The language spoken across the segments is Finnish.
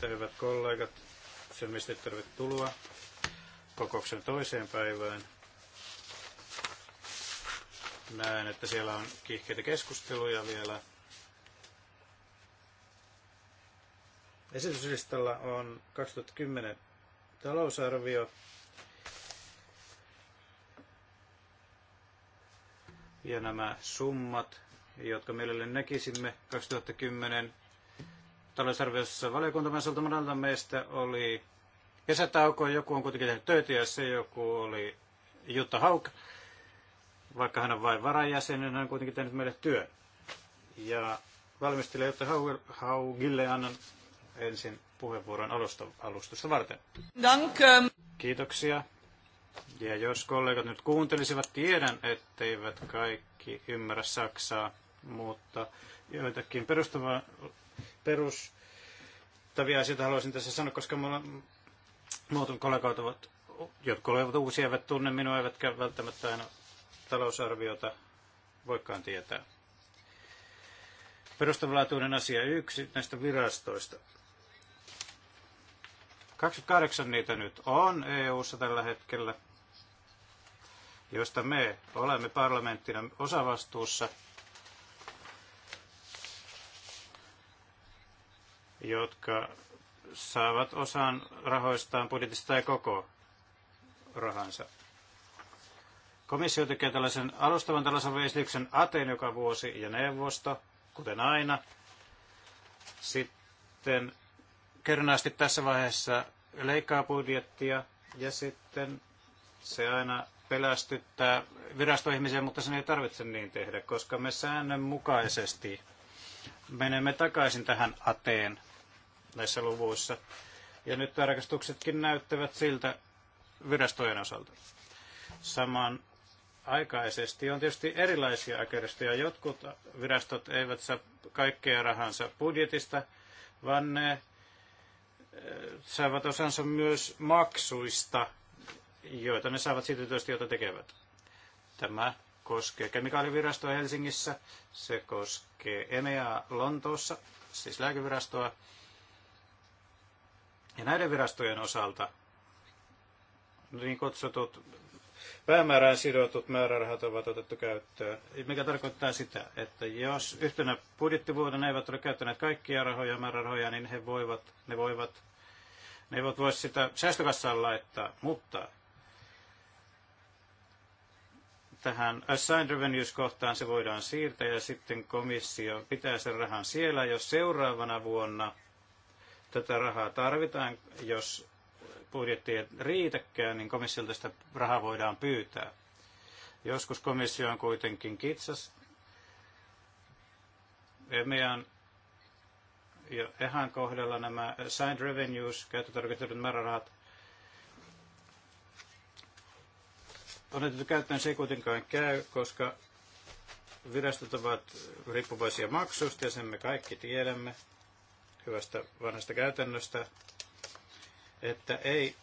huomenta, hyvät kollegat. Sylmistit tervetuloa kokouksen toiseen päivään. Näen, että siellä on kiihkeitä keskusteluja vielä. Esityslistalla on 2010 talousarvio. Ja nämä summat, jotka mielelle näkisimme 2010 talousarviossa valiokuntamaiselta monelta meistä oli kesätauko, joku on kuitenkin tehnyt töitä ja se joku oli Jutta Hauk, vaikka hän on vain varajäsen, hän on kuitenkin tehnyt meille työ Ja valmistelija Jutta Haugille annan ensin puheenvuoron alusta, alustusta varten. Danke. Ähm. Kiitoksia. Ja jos kollegat nyt kuuntelisivat, tiedän, etteivät kaikki ymmärrä Saksaa, mutta joitakin perustavaa perustavia asioita haluaisin tässä sanoa, koska mulla muut kollegat ovat, jotka olivat uusia, eivät tunne minua, eivätkä välttämättä aina talousarviota voikaan tietää. Perustavanlaatuinen asia yksi näistä virastoista. 28 niitä nyt on EU-ssa tällä hetkellä, joista me olemme parlamenttina osavastuussa – jotka saavat osan rahoistaan budjetista tai koko rahansa. Komissio tekee tällaisen alustavan tällaisen esityksen Aten joka vuosi ja neuvosto, kuten aina. Sitten kernaasti tässä vaiheessa leikkaa budjettia ja sitten se aina pelästyttää virastoihmisiä, mutta sen ei tarvitse niin tehdä, koska me säännönmukaisesti menemme takaisin tähän Ateen näissä luvuissa. Ja nyt tarkastuksetkin näyttävät siltä virastojen osalta. Saman aikaisesti on tietysti erilaisia ageristoja. Jotkut virastot eivät saa kaikkea rahansa budjetista, vaan ne eh, saavat osansa myös maksuista, joita ne saavat siitä työstä, jota tekevät. Tämä koskee kemikaalivirastoa Helsingissä, se koskee EMEA Lontoossa, siis lääkevirastoa, ja näiden virastojen osalta niin kutsutut päämäärään sidotut määrärahat ovat otettu käyttöön, mikä tarkoittaa sitä, että jos yhtenä ne eivät ole käyttäneet kaikkia rahoja määrärahoja, niin he voivat, ne voivat ne eivät voi sitä säästökassaan laittaa, mutta tähän assigned revenues-kohtaan se voidaan siirtää ja sitten komissio pitää sen rahan siellä, jos seuraavana vuonna – Tätä rahaa tarvitaan, jos budjetti ei riitäkään, niin komissiolta sitä rahaa voidaan pyytää. Joskus komissio on kuitenkin kitsas. EMEAn ja EHAN kohdalla nämä signed revenues, käyttötarkoitetut määrärahat, otettu käyttöön se ei kuitenkaan käy, koska virastot ovat riippuvaisia maksuista ja sen me kaikki tiedämme hyvästä vanhasta käytännöstä, että ei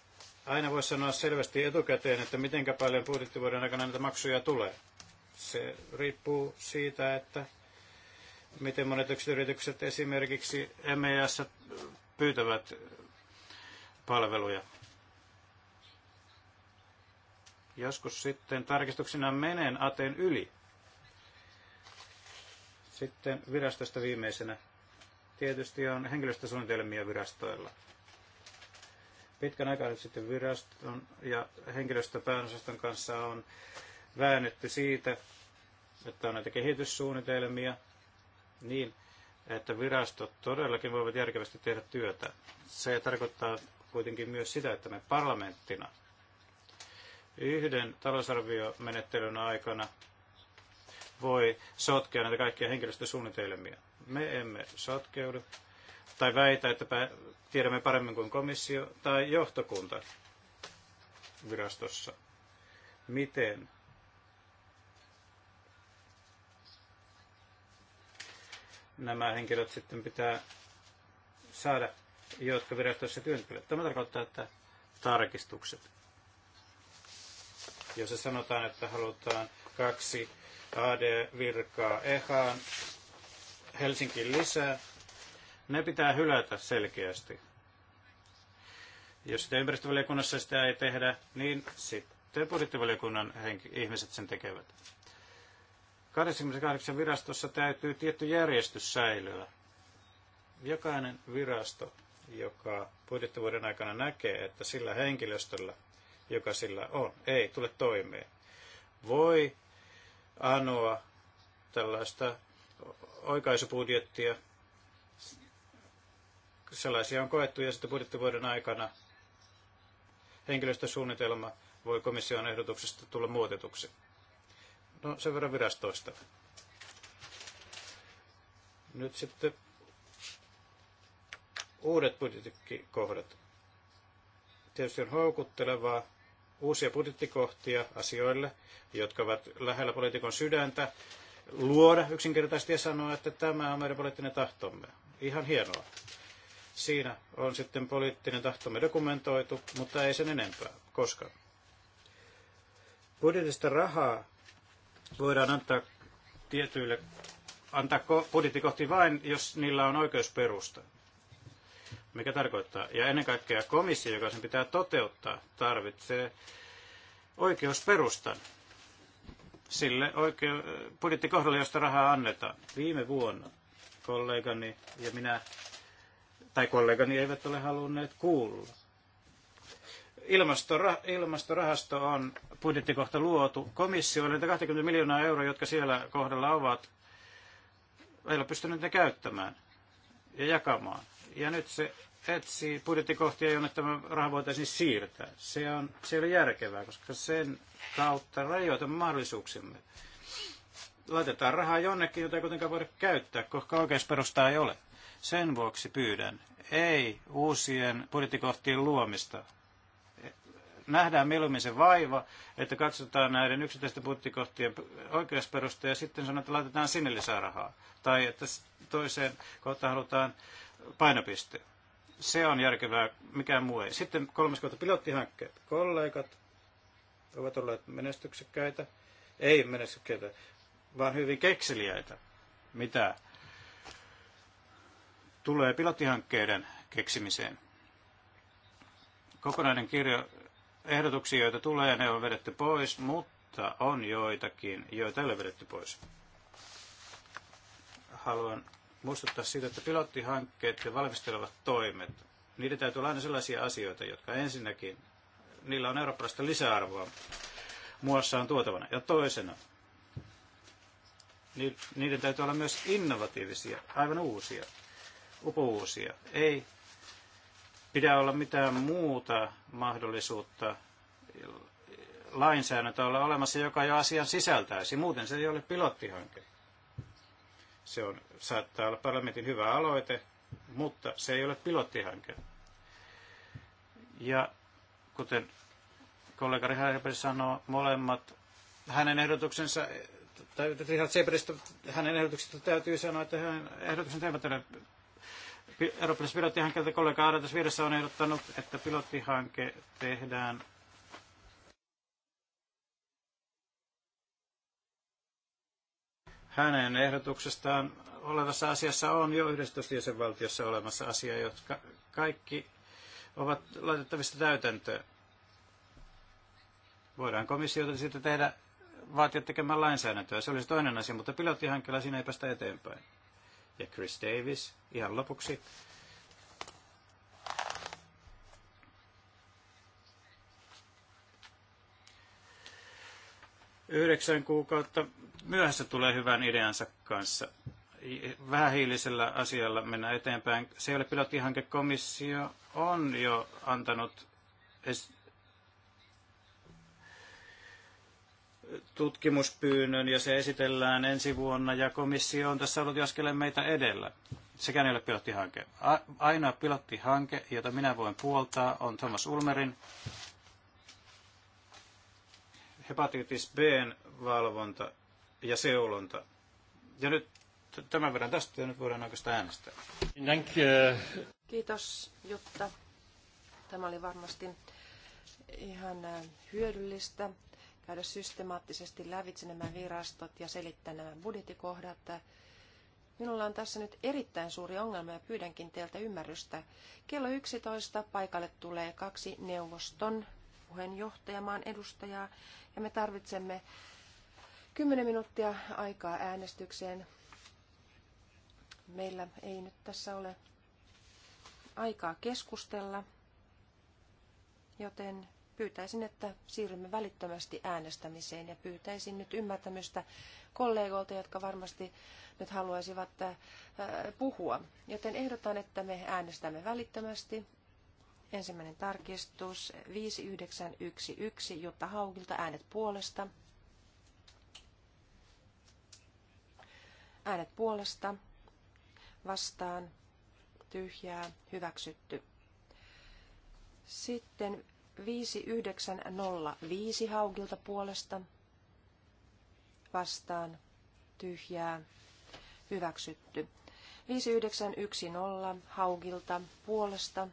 aina voi sanoa selvästi etukäteen, että miten paljon budjettivuoden aikana näitä maksuja tulee. Se riippuu siitä, että miten monet yritykset esimerkiksi MES pyytävät palveluja. Joskus sitten tarkistuksena menen Aten yli. Sitten virastosta viimeisenä tietysti on henkilöstösuunnitelmia virastoilla. Pitkän aikaa nyt sitten viraston ja henkilöstöpäänosaston kanssa on väännetty siitä, että on näitä kehityssuunnitelmia niin, että virastot todellakin voivat järkevästi tehdä työtä. Se tarkoittaa kuitenkin myös sitä, että me parlamenttina yhden talousarviomenettelyn aikana voi sotkea näitä kaikkia henkilöstösuunnitelmia. Me emme sotkeudu tai väitä, että tiedämme paremmin kuin komissio tai johtokunta virastossa. Miten nämä henkilöt sitten pitää saada, jotka virastossa työntekevät. Tämä tarkoittaa, että tarkistukset. Jos sanotaan, että halutaan kaksi AD-virkaa EHAan, Helsinkiin lisää, ne pitää hylätä selkeästi. Jos sitä ympäristövaliokunnassa sitä ei tehdä, niin sitten budjettivaliokunnan ihmiset sen tekevät. 88 virastossa täytyy tietty järjestys säilyä. Jokainen virasto, joka budjettivuoden aikana näkee, että sillä henkilöstöllä, joka sillä on, ei tule toimeen, voi anoa tällaista oikaisubudjettia. Sellaisia on koettu ja sitten budjettivuoden aikana henkilöstösuunnitelma voi komission ehdotuksesta tulla muutetuksi. No sen verran virastoista. Nyt sitten uudet budjettikohdat. Tietysti on houkuttelevaa uusia budjettikohtia asioille, jotka ovat lähellä poliitikon sydäntä, luoda yksinkertaisesti ja sanoa, että tämä on meidän poliittinen tahtomme. Ihan hienoa. Siinä on sitten poliittinen tahtomme dokumentoitu, mutta ei sen enempää, koska budjetista rahaa voidaan antaa tietyille, antaa kohti vain, jos niillä on oikeusperusta. Mikä tarkoittaa, ja ennen kaikkea komissio, joka sen pitää toteuttaa, tarvitsee oikeusperustan sille oikein äh, budjettikohdalle, josta rahaa annetaan. Viime vuonna kollegani ja minä, tai kollegani eivät ole halunneet kuulla. Ilmastora, ilmastorahasto on budjettikohta luotu. Komissio oli 20 miljoonaa euroa, jotka siellä kohdalla ovat, ei ole pystynyt ne käyttämään ja jakamaan. Ja nyt se Etsi budjettikohtia, jonne tämä raha voitaisiin siirtää. Se, on, se ei ole järkevää, koska sen kautta rajoitamme mahdollisuuksimme. Laitetaan rahaa jonnekin, jota ei kuitenkaan voida käyttää, koska oikeusperustaa ei ole. Sen vuoksi pyydän, ei uusien budjettikohtien luomista. Nähdään mieluummin se vaiva, että katsotaan näiden yksittäisten budjettikohtien oikeusperusta ja sitten sanotaan, että laitetaan sinne lisää rahaa. Tai että toiseen kohtaan halutaan painopiste. Se on järkevää, mikään muu ei. Sitten kolmas kohta, pilottihankkeet. Kollegat ovat olleet menestyksekkäitä, ei menestyksekkäitä, vaan hyvin kekseliäitä, mitä tulee pilottihankkeiden keksimiseen. Kokonainen kirjo ehdotuksia, joita tulee, ne on vedetty pois, mutta on joitakin, joita ei ole vedetty pois. Haluan muistuttaa siitä, että pilottihankkeet ja valmistelevat toimet, niiden täytyy olla aina sellaisia asioita, jotka ensinnäkin, niillä on eurooppalaista lisäarvoa muassaan tuotavana. Ja toisena, niin niiden täytyy olla myös innovatiivisia, aivan uusia, upouusia. Ei pidä olla mitään muuta mahdollisuutta lainsäädäntöä olla olemassa, joka jo asian sisältäisi. Muuten se ei ole pilottihanke. Se on, saattaa olla parlamentin hyvä aloite, mutta se ei ole pilottihanke. Ja kuten kollega Richard Seber sanoo, molemmat hänen ehdotuksensa, tai Richard Seberistä, hänen ehdotuksensa täytyy sanoa, että hänen ehdotuksensa eivät ole Eurooppalaisen pilottihankkeelta kollega Aaretas vieressä on ehdottanut, että pilottihanke tehdään hänen ehdotuksestaan olevassa asiassa on jo 11 jäsenvaltiossa olemassa asia, jotka kaikki ovat laitettavissa täytäntöön. Voidaan komissiota siitä tehdä vaatia tekemään lainsäädäntöä. Se olisi toinen asia, mutta pilottihankkeella siinä ei päästä eteenpäin. Ja Chris Davis ihan lopuksi. Yhdeksän kuukautta myöhässä tulee hyvän ideansa kanssa. Vähähiilisellä asialla mennä eteenpäin. Se ei ole pilottihanke. Komissio on jo antanut tutkimuspyynnön ja se esitellään ensi vuonna ja komissio on tässä ollut joskeleen meitä edellä. Sekään ei ole pilottihanke. ainoa pilottihanke, jota minä voin puoltaa, on Thomas Ulmerin hepatitis B valvonta ja seulonta. Ja nyt tämän verran tästä ja nyt voidaan oikeastaan äänestää. Kiitos Jutta. Tämä oli varmasti ihan äh, hyödyllistä käydä systemaattisesti lävitse nämä virastot ja selittää nämä budjettikohdat. Minulla on tässä nyt erittäin suuri ongelma ja pyydänkin teiltä ymmärrystä. Kello 11 paikalle tulee kaksi neuvoston puheenjohtajamaan edustajaa ja me tarvitsemme 10 minuuttia aikaa äänestykseen. Meillä ei nyt tässä ole aikaa keskustella, joten pyytäisin, että siirrymme välittömästi äänestämiseen ja pyytäisin nyt ymmärtämystä kollegoilta, jotka varmasti nyt haluaisivat äh, puhua. Joten ehdotan, että me äänestämme välittömästi. Ensimmäinen tarkistus 5911 Jutta Haukilta äänet puolesta Äänet puolesta, vastaan, tyhjää, hyväksytty. Sitten 5905 haukilta puolesta, vastaan, tyhjää, hyväksytty. 5910 haukilta puolesta,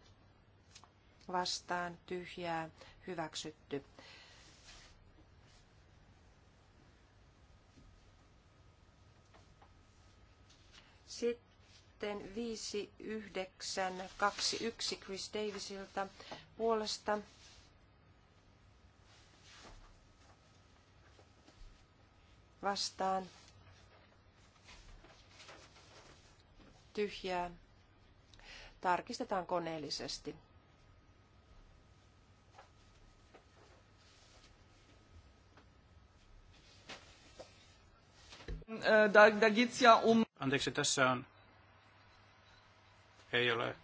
vastaan, tyhjää, hyväksytty. Sitten 5921 Chris Davisilta puolesta. Vastaan. Tyhjää. Tarkistetaan koneellisesti. Äh, da, da geht's ja um Anteeksi, tässä on, ei ole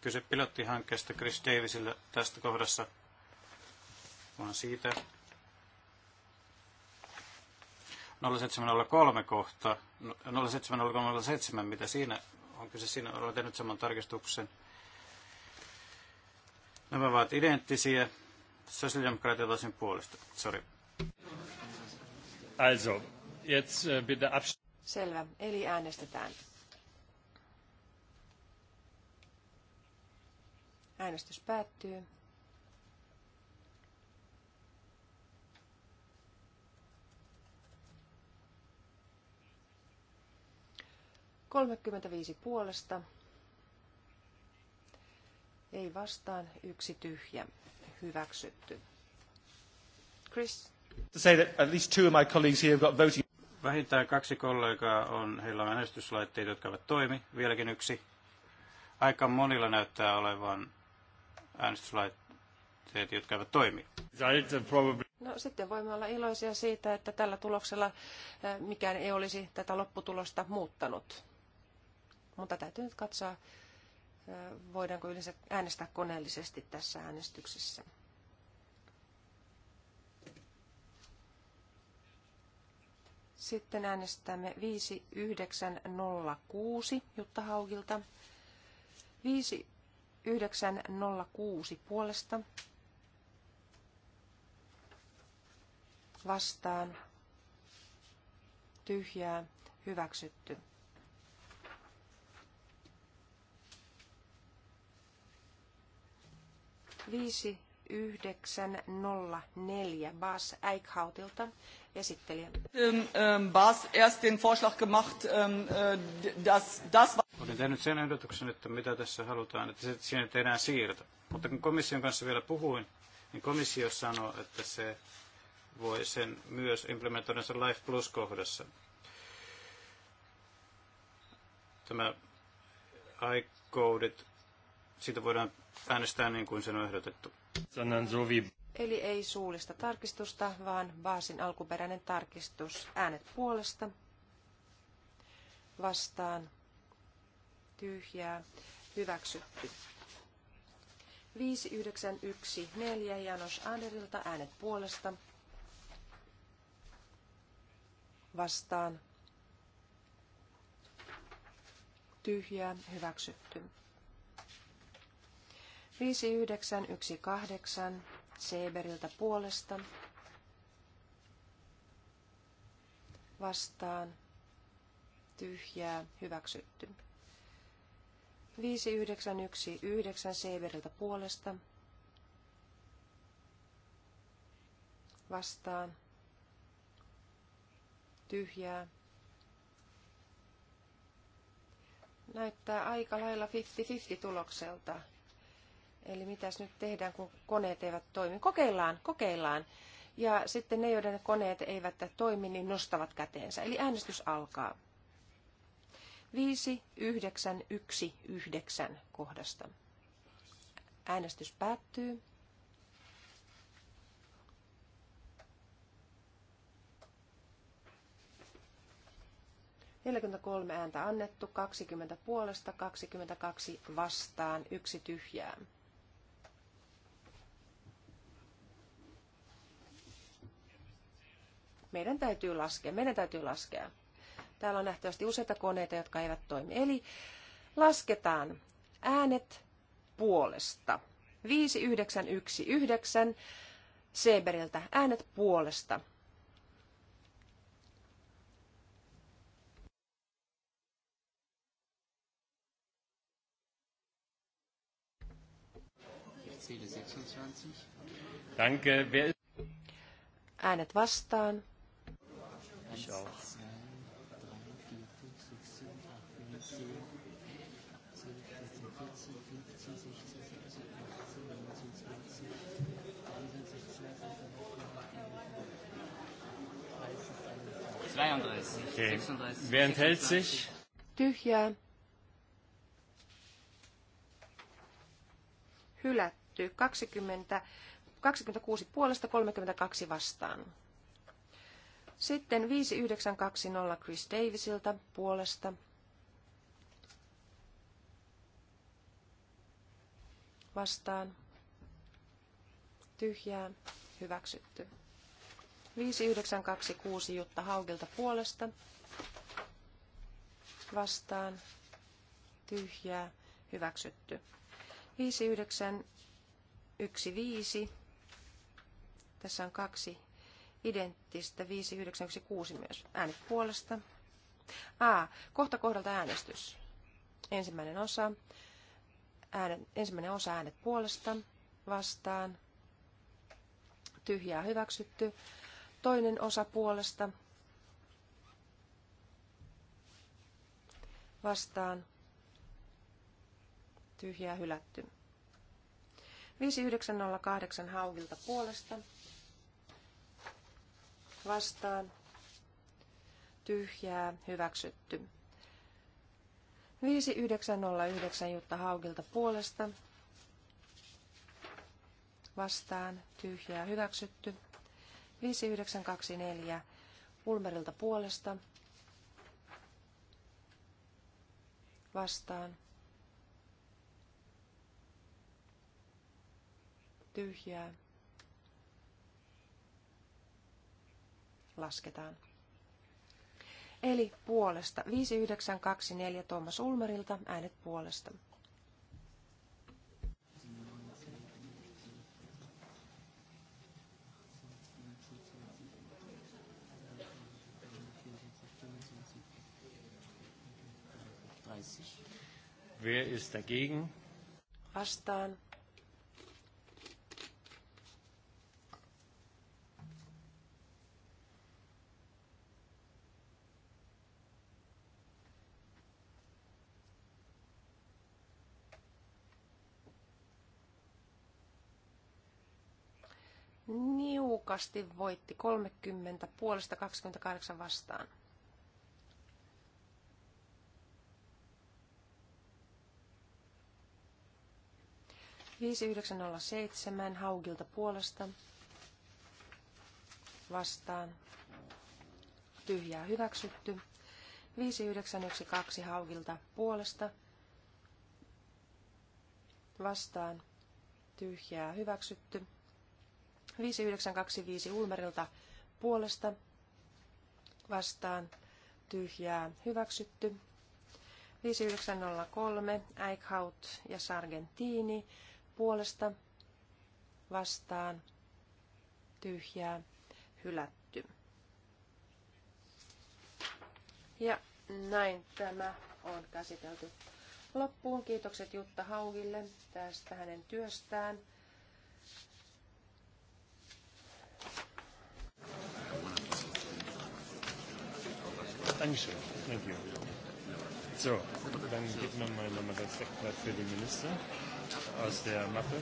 kyse pilottihankkeesta Chris Davisillä tästä kohdassa, vaan siitä 0703 kohta, 07037, mitä siinä on kyse, siinä olen tehnyt saman tarkistuksen. Nämä ovat identtisiä sosiaalidemokraatilta puolesta. Sorry. Also, jetzt äh, bitte absch- Selvä. Eli äänestetään. Äänestys päättyy. Kolmekymmentäviisi puolesta. Ei vastaan, yksi tyhjä. Hyväksytty. Chris. To say that at least two of my colleagues here have got voting. Vähintään kaksi kollegaa on, heillä on äänestyslaitteet, jotka eivät toimi, vieläkin yksi. Aika monilla näyttää olevan äänestyslaitteet, jotka eivät toimi. No sitten voimme olla iloisia siitä, että tällä tuloksella eh, mikään ei olisi tätä lopputulosta muuttanut. Mutta täytyy nyt katsoa, eh, voidaanko yleensä äänestää koneellisesti tässä äänestyksessä. Sitten äänestämme 5906 Jutta Haugilta. 5906 puolesta. Vastaan. Tyhjää. Hyväksytty. Viisi yhdeksän nolla neljä Bas Eichhautilta esittelijä. Ähm, ähm, Bas erst den gemacht, ähm, äh, dass das... Olen tehnyt sen ehdotuksen, että mitä tässä halutaan, että siinä tehdään siirto. Mutta kun komission kanssa vielä puhuin, niin komissio sanoi, että se voi sen myös implementoida sen Life Plus-kohdassa. Tämä iCodit, siitä voidaan äänestää niin kuin sen on ehdotettu. Sanan Sovi. Eli ei suullista tarkistusta, vaan Baasin alkuperäinen tarkistus. Äänet puolesta. Vastaan. Tyhjää. Hyväksytty. 5914 Janos Anderilta äänet puolesta. Vastaan. Tyhjää. Hyväksytty. 5918 Seeberiltä puolesta vastaan tyhjää hyväksytty. 5919 Seeberiltä puolesta vastaan tyhjää näyttää aika lailla 50-50 tulokselta. Eli mitäs nyt tehdään, kun koneet eivät toimi? Kokeillaan, kokeillaan. Ja sitten ne, joiden koneet eivät toimi, niin nostavat käteensä. Eli äänestys alkaa. 5919 kohdasta. Äänestys päättyy. kolme ääntä annettu, 20 puolesta, 22 vastaan, yksi tyhjää. Meidän täytyy laskea, meidän täytyy laskea. Täällä on nähtävästi useita koneita, jotka eivät toimi. Eli lasketaan äänet puolesta. 5919 Seberiltä äänet puolesta. Danke. Äänet vastaan. Ich auch. Okay. Wer enthält sich? Tyhjää. Hylätty. 20, 26 puolesta, 32 vastaan. Sitten 5920 Chris Davisilta puolesta. Vastaan. Tyhjää. Hyväksytty. 5926 Jutta Haugilta puolesta. Vastaan. Tyhjää. Hyväksytty. 5915. Tässä on kaksi identtistä 5916 myös. Äänet puolesta. A. Kohta kohdalta äänestys. Ensimmäinen osa. Äänet, ensimmäinen osa äänet puolesta. Vastaan. Tyhjää hyväksytty. Toinen osa puolesta. Vastaan. Tyhjää hylätty. 5908 haukilta puolesta vastaan tyhjää hyväksytty. 5909 Jutta Haukilta puolesta vastaan tyhjää hyväksytty. 5924 Ulmerilta puolesta vastaan tyhjää lasketaan. Eli puolesta. 5924 Tuomas Ulmerilta äänet puolesta. Wer ist dagegen? Vastaan. niukasti voitti 30 puolesta 28 vastaan. Viisi yhdeksän nolla seitsemän Haugilta puolesta vastaan. Tyhjää hyväksytty. kaksi Haugilta puolesta vastaan. Tyhjää hyväksytty. 5925 Ulmerilta puolesta vastaan tyhjää hyväksytty. 5903 Eichhaut ja Sargentini puolesta vastaan tyhjää hylätty. Ja näin tämä on käsitelty loppuun. Kiitokset Jutta Haugille tästä hänen työstään. Dankeschön. Thank you. So, dann gibt man mal nochmal das Deckblatt für den Minister aus der Mappe.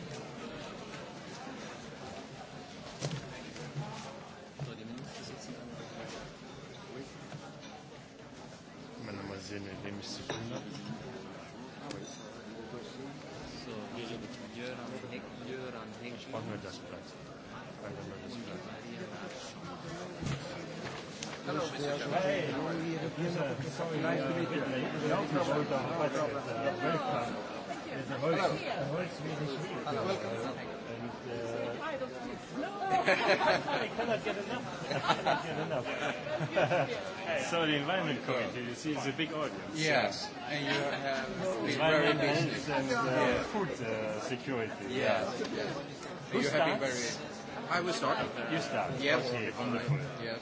so the environment committee, you see, is a big audience. Yes, and you have been very busy. And uh, yeah. food uh, security. Yes. yes. yes. Who starts? very. I will start. You start. Yes. Okay, wonderful. Yes.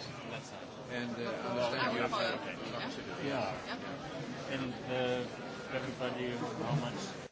And uh, understand you have. Yeah. yeah and uh, everybody how much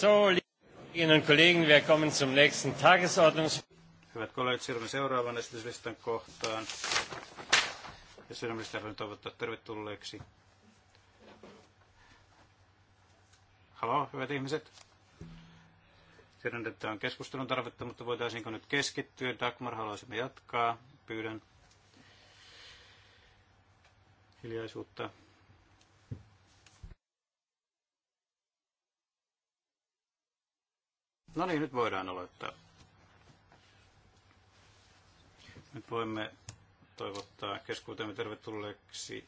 So, liebe Kollegen, wir kommen zum nächsten Tagesordnungs... Hyvät kollegat, siirrymme seuraavan esityslistan kohtaan. Ja sydämellisesti haluan toivottaa tervetulleeksi. Halo, hyvät ihmiset. Tiedän, että on keskustelun tarvetta, mutta voitaisiinko nyt keskittyä? Dagmar, haluaisimme jatkaa. Pyydän hiljaisuutta. No niin, nyt voidaan aloittaa. Nyt voimme toivottaa keskuutemme tervetulleeksi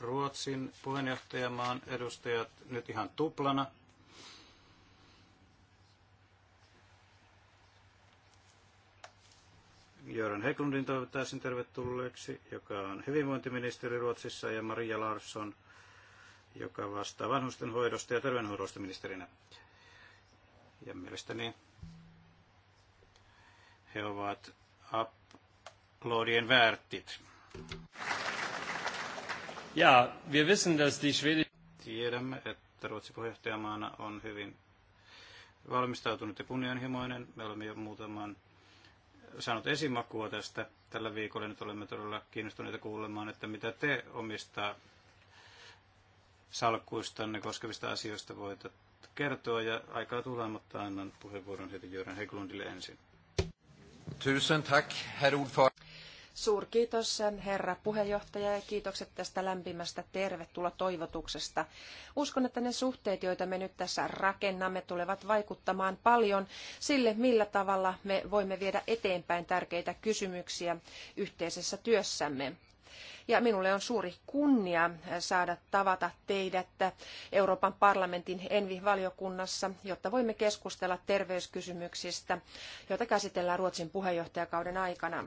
Ruotsin puheenjohtajamaan edustajat nyt ihan tuplana. Jöran Heklundin toivottaisin tervetulleeksi, joka on hyvinvointiministeri Ruotsissa, ja Maria Larsson, joka vastaa vanhustenhoidosta ja terveydenhoidosta ministerinä. Ja mielestäni he ovat uploadien väärtit. Ja, wir wissen, dass die Schwede... Tiedämme, että Ruotsi puheenjohtajamaana on hyvin valmistautunut ja kunnianhimoinen. Me olemme jo muutaman saanut esimakua tästä tällä viikolla. Nyt olemme todella kiinnostuneita kuulemaan, että mitä te omista salkkuistanne koskevista asioista voitte kertoa ja aikaa tulee, mutta annan puheenvuoron heti Jörän Heglundille ensin. Tusen tack, herr Suurkiitos herra puheenjohtaja ja kiitokset tästä lämpimästä tervetuloa toivotuksesta. Uskon, että ne suhteet, joita me nyt tässä rakennamme, tulevat vaikuttamaan paljon sille, millä tavalla me voimme viedä eteenpäin tärkeitä kysymyksiä yhteisessä työssämme. Ja minulle on suuri kunnia saada tavata teidät Euroopan parlamentin Envi-valiokunnassa, jotta voimme keskustella terveyskysymyksistä, joita käsitellään Ruotsin puheenjohtajakauden aikana.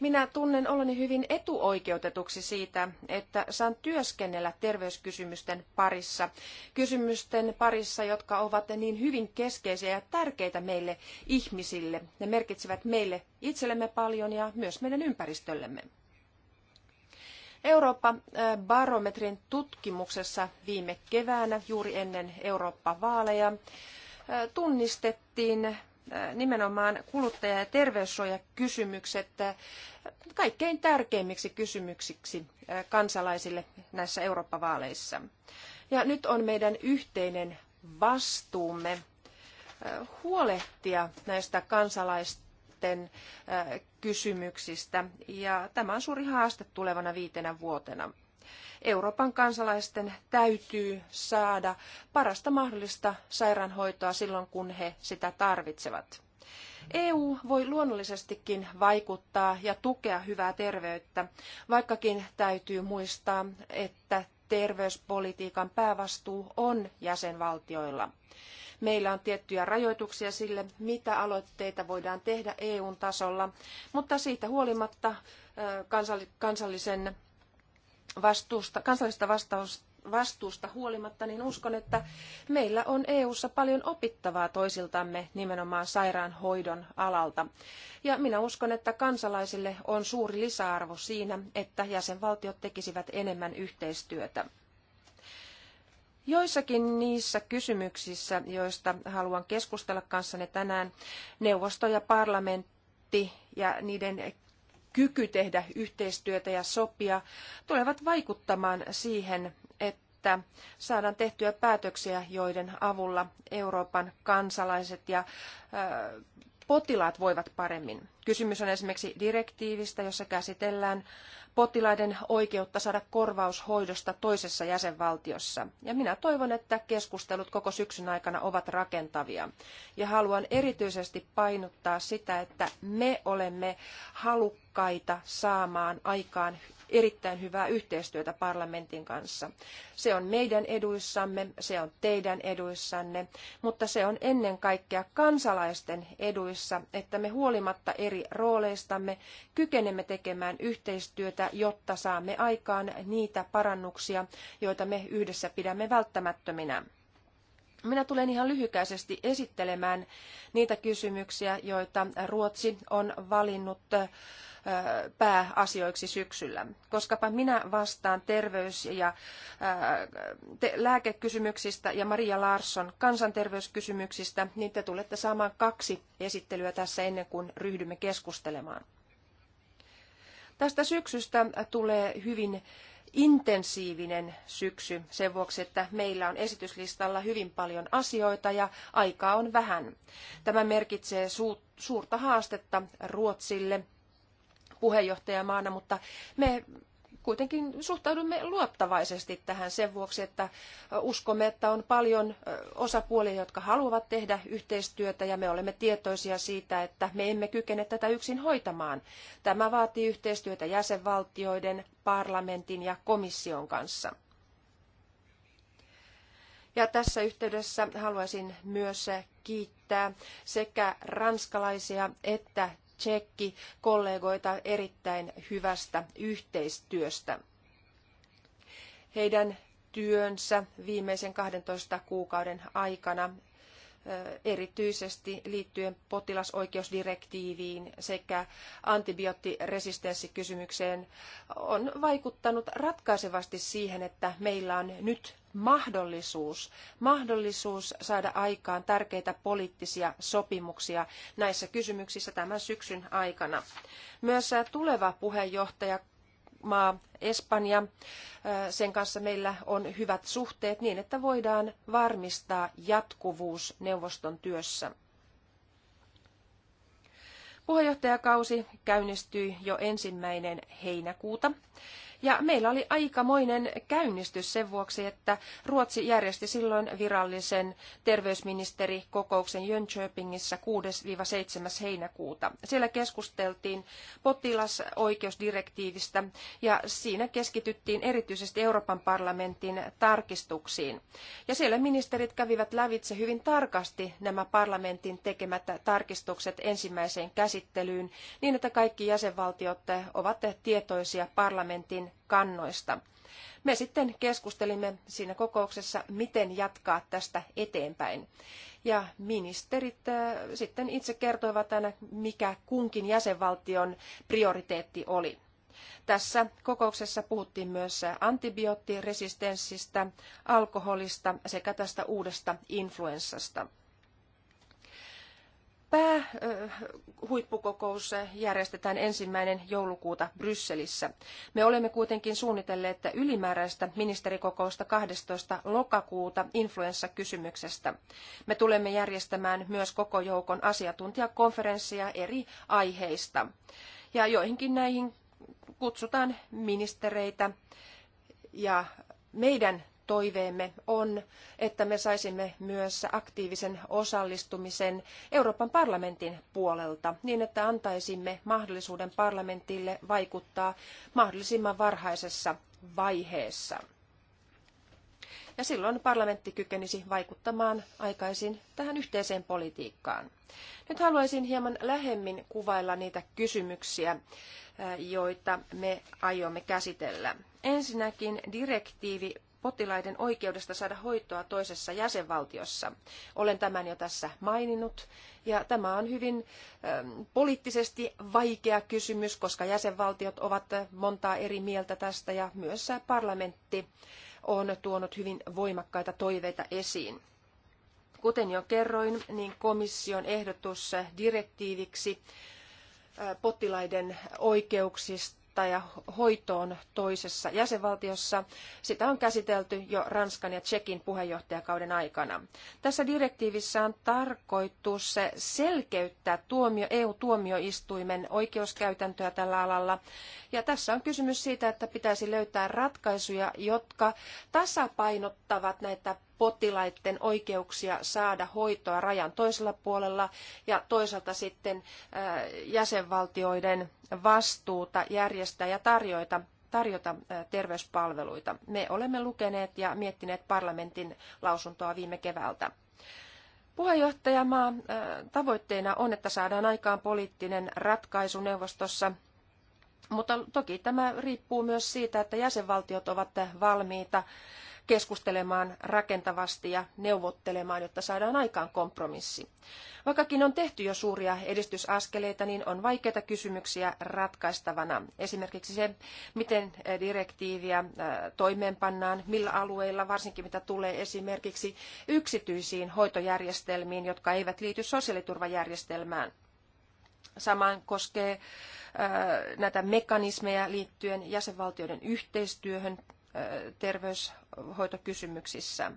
Minä tunnen oloni hyvin etuoikeutetuksi siitä, että saan työskennellä terveyskysymysten parissa. Kysymysten parissa, jotka ovat niin hyvin keskeisiä ja tärkeitä meille ihmisille. Ne merkitsevät meille itsellemme paljon ja myös meidän ympäristöllemme. Eurooppa-barometrin tutkimuksessa viime keväänä, juuri ennen Eurooppa-vaaleja, tunnistettiin Äh, nimenomaan kuluttaja- ja terveyssuojakysymykset äh, kaikkein tärkeimmiksi kysymyksiksi äh, kansalaisille näissä Eurooppa-vaaleissa. Ja nyt on meidän yhteinen vastuumme huolehtia näistä kansalaisten kysymyksistä. Ja tämä on suuri haaste tulevana viitenä vuotena. Euroopan kansalaisten täytyy saada parasta mahdollista sairaanhoitoa silloin, kun he sitä tarvitsevat. EU voi luonnollisestikin vaikuttaa ja tukea hyvää terveyttä, vaikkakin täytyy muistaa, että terveyspolitiikan päävastuu on jäsenvaltioilla. Meillä on tiettyjä rajoituksia sille, mitä aloitteita voidaan tehdä eu tasolla, mutta siitä huolimatta kansallisen vastuusta, kansallisesta vastausta, vastuusta huolimatta, niin uskon, että meillä on EU:ssa paljon opittavaa toisiltamme nimenomaan sairaanhoidon alalta. Ja minä uskon, että kansalaisille on suuri lisäarvo siinä, että jäsenvaltiot tekisivät enemmän yhteistyötä. Joissakin niissä kysymyksissä, joista haluan keskustella kanssanne tänään, neuvosto ja parlamentti ja niiden kyky tehdä yhteistyötä ja sopia tulevat vaikuttamaan siihen, että saadaan tehtyä päätöksiä, joiden avulla Euroopan kansalaiset ja potilaat voivat paremmin. Kysymys on esimerkiksi direktiivistä, jossa käsitellään potilaiden oikeutta saada korvaushoidosta toisessa jäsenvaltiossa. Ja minä toivon, että keskustelut koko syksyn aikana ovat rakentavia. Ja haluan erityisesti painottaa sitä, että me olemme halukkaita halukkaita saamaan aikaan erittäin hyvää yhteistyötä parlamentin kanssa. Se on meidän eduissamme, se on teidän eduissanne, mutta se on ennen kaikkea kansalaisten eduissa, että me huolimatta eri rooleistamme kykenemme tekemään yhteistyötä, jotta saamme aikaan niitä parannuksia, joita me yhdessä pidämme välttämättöminä. Minä tulen ihan lyhykäisesti esittelemään niitä kysymyksiä, joita Ruotsi on valinnut pääasioiksi syksyllä. Koskapa minä vastaan terveys- ja lääkekysymyksistä ja Maria Larsson kansanterveyskysymyksistä, niin te tulette saamaan kaksi esittelyä tässä ennen kuin ryhdymme keskustelemaan. Tästä syksystä tulee hyvin intensiivinen syksy sen vuoksi, että meillä on esityslistalla hyvin paljon asioita ja aikaa on vähän. Tämä merkitsee suurta haastetta Ruotsille puheenjohtajamaana, mutta me kuitenkin suhtaudumme luottavaisesti tähän sen vuoksi, että uskomme, että on paljon osapuolia, jotka haluavat tehdä yhteistyötä ja me olemme tietoisia siitä, että me emme kykene tätä yksin hoitamaan. Tämä vaatii yhteistyötä jäsenvaltioiden, parlamentin ja komission kanssa. Ja tässä yhteydessä haluaisin myös kiittää sekä ranskalaisia että tsekki kollegoita erittäin hyvästä yhteistyöstä. Heidän työnsä viimeisen 12 kuukauden aikana erityisesti liittyen potilasoikeusdirektiiviin sekä antibioottiresistenssikysymykseen on vaikuttanut ratkaisevasti siihen, että meillä on nyt mahdollisuus, mahdollisuus saada aikaan tärkeitä poliittisia sopimuksia näissä kysymyksissä tämän syksyn aikana. Myös tuleva puheenjohtaja maa Espanja. Sen kanssa meillä on hyvät suhteet niin, että voidaan varmistaa jatkuvuus neuvoston työssä. Puheenjohtajakausi käynnistyi jo ensimmäinen heinäkuuta ja meillä oli aikamoinen käynnistys sen vuoksi, että Ruotsi järjesti silloin virallisen terveysministerikokouksen Jönköpingissä 6-7. heinäkuuta. Siellä keskusteltiin potilasoikeusdirektiivistä ja siinä keskityttiin erityisesti Euroopan parlamentin tarkistuksiin. Ja siellä ministerit kävivät lävitse hyvin tarkasti nämä parlamentin tekemät tarkistukset ensimmäiseen käsittelyyn niin, että kaikki jäsenvaltiot ovat tietoisia parlamentin kannoista. Me sitten keskustelimme siinä kokouksessa, miten jatkaa tästä eteenpäin. Ja ministerit sitten itse kertoivat aina, mikä kunkin jäsenvaltion prioriteetti oli. Tässä kokouksessa puhuttiin myös antibioottiresistenssistä, alkoholista sekä tästä uudesta influenssasta päähuippukokous järjestetään ensimmäinen joulukuuta Brysselissä. Me olemme kuitenkin suunnitelleet että ylimääräistä ministerikokousta 12. lokakuuta influenssakysymyksestä. Me tulemme järjestämään myös koko joukon asiantuntijakonferenssia eri aiheista. Ja joihinkin näihin kutsutaan ministereitä ja meidän toiveemme on, että me saisimme myös aktiivisen osallistumisen Euroopan parlamentin puolelta, niin että antaisimme mahdollisuuden parlamentille vaikuttaa mahdollisimman varhaisessa vaiheessa. Ja silloin parlamentti kykenisi vaikuttamaan aikaisin tähän yhteiseen politiikkaan. Nyt haluaisin hieman lähemmin kuvailla niitä kysymyksiä, eh, joita me aiomme käsitellä. Ensinnäkin direktiivi potilaiden oikeudesta saada hoitoa toisessa jäsenvaltiossa. Olen tämän jo tässä maininnut ja tämä on hyvin ähm, poliittisesti vaikea kysymys, koska jäsenvaltiot ovat äh, montaa eri mieltä tästä ja myös parlamentti on tuonut hyvin voimakkaita toiveita esiin. Kuten jo kerroin, niin komission ehdotus direktiiviksi äh, potilaiden oikeuksista ja hoitoon toisessa jäsenvaltiossa. Sitä on käsitelty jo Ranskan ja Tsekin puheenjohtajakauden aikana. Tässä direktiivissä on tarkoitus selkeyttää tuomio, EU-tuomioistuimen oikeuskäytäntöä tällä alalla. Ja tässä on kysymys siitä, että pitäisi löytää ratkaisuja, jotka tasapainottavat näitä potilaiden oikeuksia saada hoitoa rajan toisella puolella ja toisaalta sitten jäsenvaltioiden vastuuta järjestää ja tarjota tarjota terveyspalveluita. Me olemme lukeneet ja miettineet parlamentin lausuntoa viime keväältä. Puheenjohtajamaa tavoitteena on, että saadaan aikaan poliittinen ratkaisu neuvostossa, mutta toki tämä riippuu myös siitä, että jäsenvaltiot ovat valmiita keskustelemaan rakentavasti ja neuvottelemaan, jotta saadaan aikaan kompromissi. Vaikkakin on tehty jo suuria edistysaskeleita, niin on vaikeita kysymyksiä ratkaistavana. Esimerkiksi se, miten eh, direktiiviä eh, toimeenpannaan, millä alueilla, varsinkin mitä tulee esimerkiksi yksityisiin hoitojärjestelmiin, jotka eivät liity sosiaaliturvajärjestelmään. Samaan koskee eh, näitä mekanismeja liittyen jäsenvaltioiden yhteistyöhön terveyshoitokysymyksissä.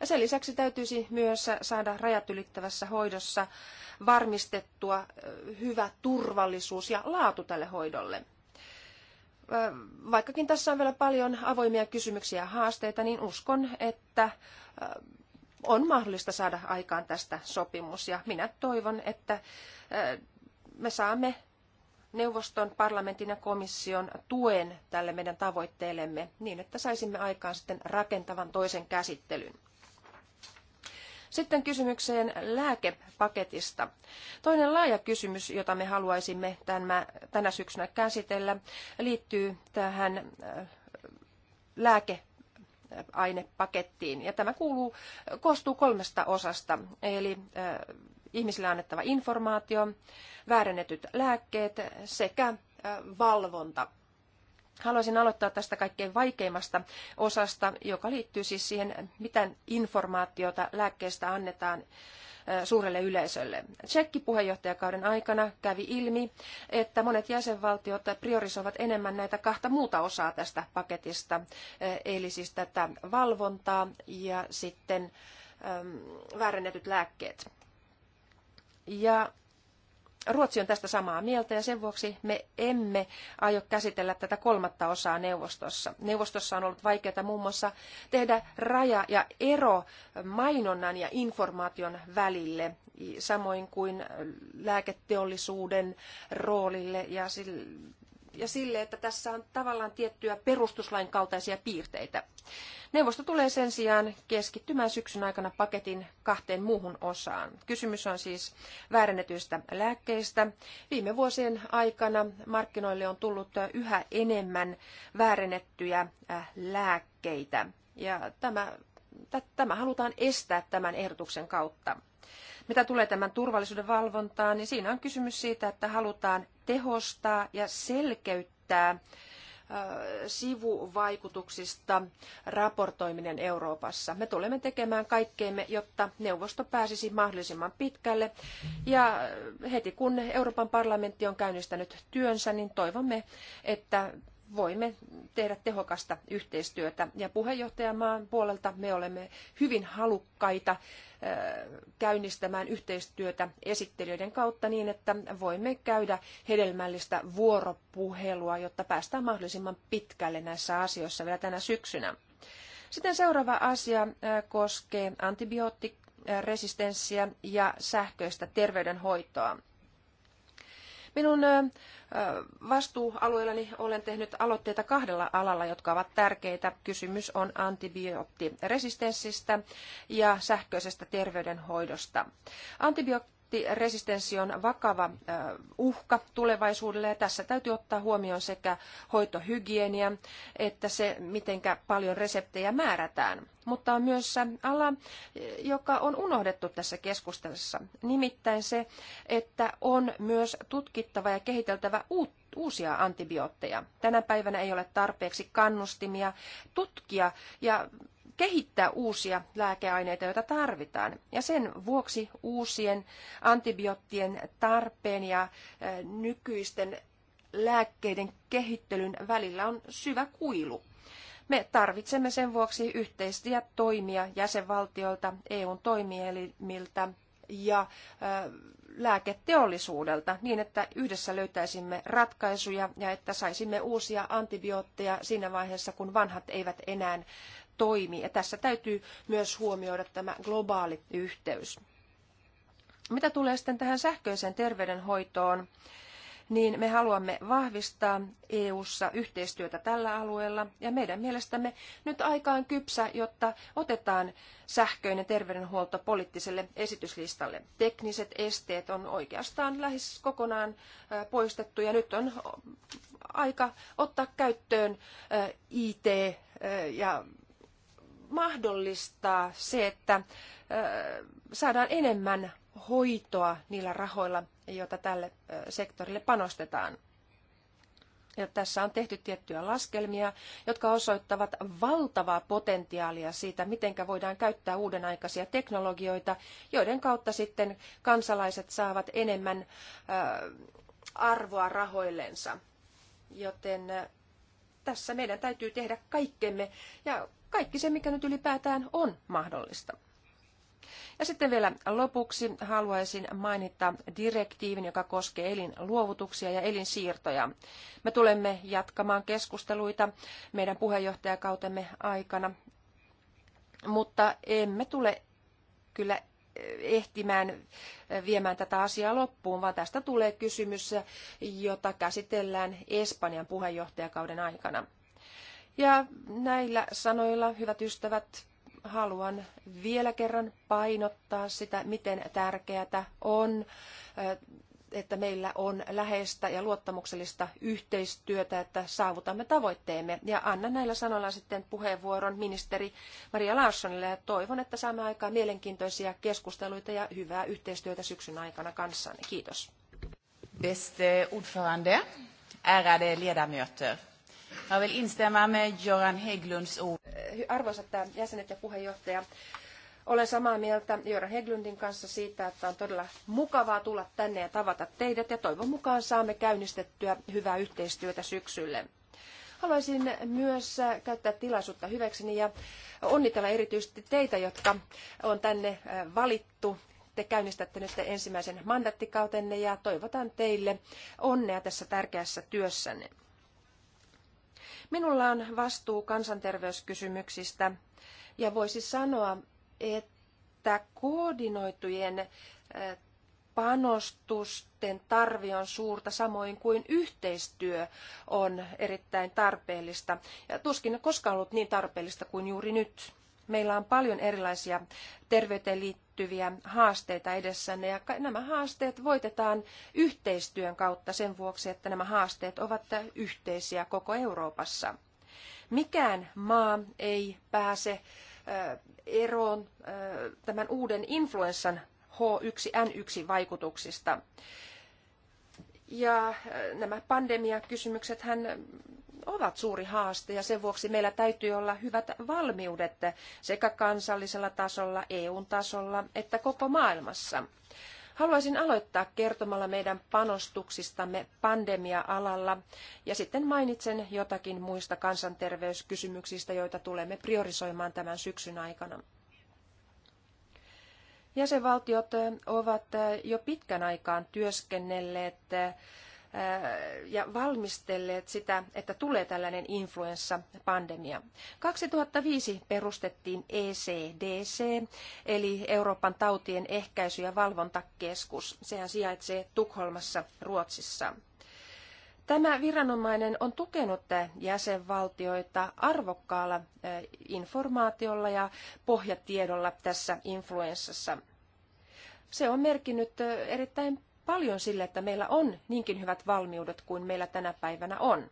Ja sen lisäksi täytyisi myös saada rajat ylittävässä hoidossa varmistettua hyvä turvallisuus ja laatu tälle hoidolle. Vaikkakin tässä on vielä paljon avoimia kysymyksiä ja haasteita, niin uskon, että on mahdollista saada aikaan tästä sopimus. Ja minä toivon, että me saamme neuvoston, parlamentin ja komission tuen tälle meidän tavoitteellemme niin, että saisimme aikaan sitten rakentavan toisen käsittelyn. Sitten kysymykseen lääkepaketista. Toinen laaja kysymys, jota me haluaisimme tänä syksynä käsitellä, liittyy tähän äh, lääkeainepakettiin Ja tämä kuuluu, koostuu kolmesta osasta, eli äh, ihmisille annettava informaatio, väärennetyt lääkkeet sekä valvonta. Haluaisin aloittaa tästä kaikkein vaikeimmasta osasta, joka liittyy siis siihen, mitä informaatiota lääkkeestä annetaan suurelle yleisölle. Tsekki puheenjohtajakauden aikana kävi ilmi, että monet jäsenvaltiot priorisoivat enemmän näitä kahta muuta osaa tästä paketista, eli siis tätä valvontaa ja sitten väärennetyt lääkkeet. Ja Ruotsi on tästä samaa mieltä ja sen vuoksi me emme aio käsitellä tätä kolmatta osaa neuvostossa. Neuvostossa on ollut vaikeaa muun muassa tehdä raja ja ero mainonnan ja informaation välille, samoin kuin lääketeollisuuden roolille ja ja sille, että tässä on tavallaan tiettyjä perustuslain kaltaisia piirteitä. Neuvosto tulee sen sijaan keskittymään syksyn aikana paketin kahteen muuhun osaan. Kysymys on siis väärennetyistä lääkkeistä. Viime vuosien aikana markkinoille on tullut yhä enemmän väärennettyjä äh, lääkkeitä. Ja tämä, tämä halutaan estää tämän ehdotuksen kautta. Mitä tulee tämän turvallisuuden valvontaan, niin siinä on kysymys siitä, että halutaan tehostaa ja selkeyttää sivuvaikutuksista raportoiminen Euroopassa. Me tulemme tekemään kaikkeemme, jotta neuvosto pääsisi mahdollisimman pitkälle. Ja heti kun Euroopan parlamentti on käynnistänyt työnsä, niin toivomme, että voimme tehdä tehokasta yhteistyötä. Ja puheenjohtajamaan puolelta me olemme hyvin halukkaita käynnistämään yhteistyötä esittelijöiden kautta niin, että voimme käydä hedelmällistä vuoropuhelua, jotta päästään mahdollisimman pitkälle näissä asioissa vielä tänä syksynä. Sitten seuraava asia koskee antibioottiresistenssiä ja sähköistä terveydenhoitoa. Minun vastuualueellani olen tehnyt aloitteita kahdella alalla, jotka ovat tärkeitä. Kysymys on antibioottiresistenssistä ja sähköisestä terveydenhoidosta. Antibioottiresistenssistä antibioottiresistenssi on vakava uhka tulevaisuudelle ja tässä täytyy ottaa huomioon sekä hoitohygienia että se, miten paljon reseptejä määrätään. Mutta on myös ala, joka on unohdettu tässä keskustelussa, nimittäin se, että on myös tutkittava ja kehiteltävä uutta uusia antibiootteja. Tänä päivänä ei ole tarpeeksi kannustimia tutkia ja kehittää uusia lääkeaineita, joita tarvitaan. Ja sen vuoksi uusien antibioottien tarpeen ja nykyisten lääkkeiden kehittelyn välillä on syvä kuilu. Me tarvitsemme sen vuoksi yhteistyä toimia jäsenvaltioilta, EUn toimielimiltä ja lääketeollisuudelta niin, että yhdessä löytäisimme ratkaisuja ja että saisimme uusia antibiootteja siinä vaiheessa, kun vanhat eivät enää toimii. Ja tässä täytyy myös huomioida tämä globaali yhteys. Mitä tulee sitten tähän sähköiseen terveydenhoitoon, niin me haluamme vahvistaa EU:ssa yhteistyötä tällä alueella ja meidän mielestämme nyt aika on kypsä, jotta otetaan sähköinen terveydenhuolto poliittiselle esityslistalle. Tekniset esteet on oikeastaan lähes kokonaan poistettu ja nyt on aika ottaa käyttöön IT ja mahdollistaa se, että saadaan enemmän hoitoa niillä rahoilla, joita tälle sektorille panostetaan. Ja tässä on tehty tiettyjä laskelmia, jotka osoittavat valtavaa potentiaalia siitä, miten voidaan käyttää uuden aikaisia teknologioita, joiden kautta sitten kansalaiset saavat enemmän arvoa rahoillensa. Joten tässä meidän täytyy tehdä kaikkemme ja kaikki se, mikä nyt ylipäätään on mahdollista. Ja sitten vielä lopuksi haluaisin mainita direktiivin, joka koskee elinluovutuksia ja elinsiirtoja. Me tulemme jatkamaan keskusteluita meidän puheenjohtajakautemme aikana, mutta emme tule kyllä ehtimään viemään tätä asiaa loppuun, vaan tästä tulee kysymys, jota käsitellään Espanjan puheenjohtajakauden aikana. Ja näillä sanoilla, hyvät ystävät, haluan vielä kerran painottaa sitä, miten tärkeää on, että meillä on läheistä ja luottamuksellista yhteistyötä, että saavutamme tavoitteemme. Ja annan näillä sanoilla sitten puheenvuoron ministeri Maria Larssonille ja toivon, että saamme aikaa mielenkiintoisia keskusteluita ja hyvää yhteistyötä syksyn aikana kanssanne. Kiitos. Beste ordförande, ärade ledamöter. Jag vill instämma med Göran Hägglunds ord. Eh, arvoisat eh, jäsenet ja puheenjohtaja, olen samaa mieltä Göran Hägglundin kanssa siitä, että on todella mukavaa tulla tänne ja tavata teidät ja toivon mukaan saamme käynnistettyä hyvää yhteistyötä syksylle. Haluaisin myös eh, käyttää tilaisuutta hyväkseni ja onnitella erityisesti teitä, jotka on tänne valittu te käynnistätte nyt ensimmäisen mandattikautenne ja toivotan teille onnea tässä tärkeässä työssänne. Minulla on vastuu kansanterveyskysymyksistä ja voisi sanoa, että koordinoitujen eh, panostusten tarve on suurta, samoin kuin yhteistyö on erittäin tarpeellista. Ja tuskin koskaan ollut niin tarpeellista kuin juuri nyt. Meillä on paljon erilaisia terveyteen liittyviä liittyviä haasteita edessänne ja nämä haasteet voitetaan yhteistyön kautta sen vuoksi, että nämä haasteet ovat yhteisiä koko Euroopassa. Mikään maa ei pääse eroon tämän uuden influenssan H1N1-vaikutuksista. Ja nämä pandemiakysymykset hän ovat suuri haaste ja sen vuoksi meillä täytyy olla hyvät valmiudet sekä kansallisella tasolla, eu tasolla että koko maailmassa. Haluaisin aloittaa kertomalla meidän panostuksistamme pandemia-alalla ja sitten mainitsen jotakin muista kansanterveyskysymyksistä, joita tulemme priorisoimaan tämän syksyn aikana. Jäsenvaltiot ovat jo pitkän aikaan työskennelleet ja valmistelleet sitä, että tulee tällainen influenssapandemia. 2005 perustettiin ECDC, eli Euroopan tautien ehkäisy- ja valvontakeskus. Sehän sijaitsee Tukholmassa, Ruotsissa. Tämä viranomainen on tukenut jäsenvaltioita arvokkaalla informaatiolla ja pohjatiedolla tässä influenssassa. Se on merkinnyt erittäin paljon sille, että meillä on niinkin hyvät valmiudet kuin meillä tänä päivänä on.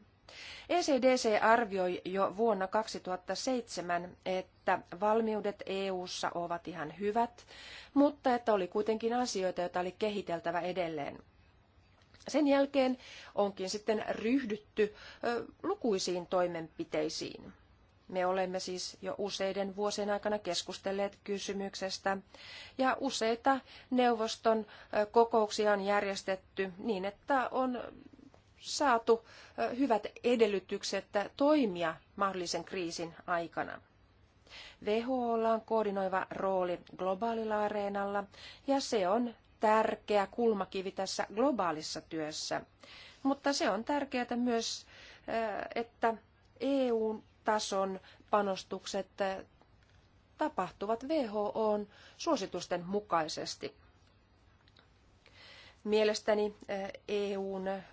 ECDC arvioi jo vuonna 2007, että valmiudet EU:ssa ovat ihan hyvät, mutta että oli kuitenkin asioita, joita oli kehiteltävä edelleen. Sen jälkeen onkin sitten ryhdytty lukuisiin toimenpiteisiin. Me olemme siis jo useiden vuosien aikana keskustelleet kysymyksestä ja useita neuvoston kokouksia on järjestetty niin, että on saatu hyvät edellytykset toimia mahdollisen kriisin aikana. WHOlla on koordinoiva rooli globaalilla areenalla ja se on tärkeä kulmakivi tässä globaalissa työssä. Mutta se on tärkeää myös, että EUn tason panostukset eh, tapahtuvat WHOn suositusten mukaisesti. Mielestäni eh, EUn eh,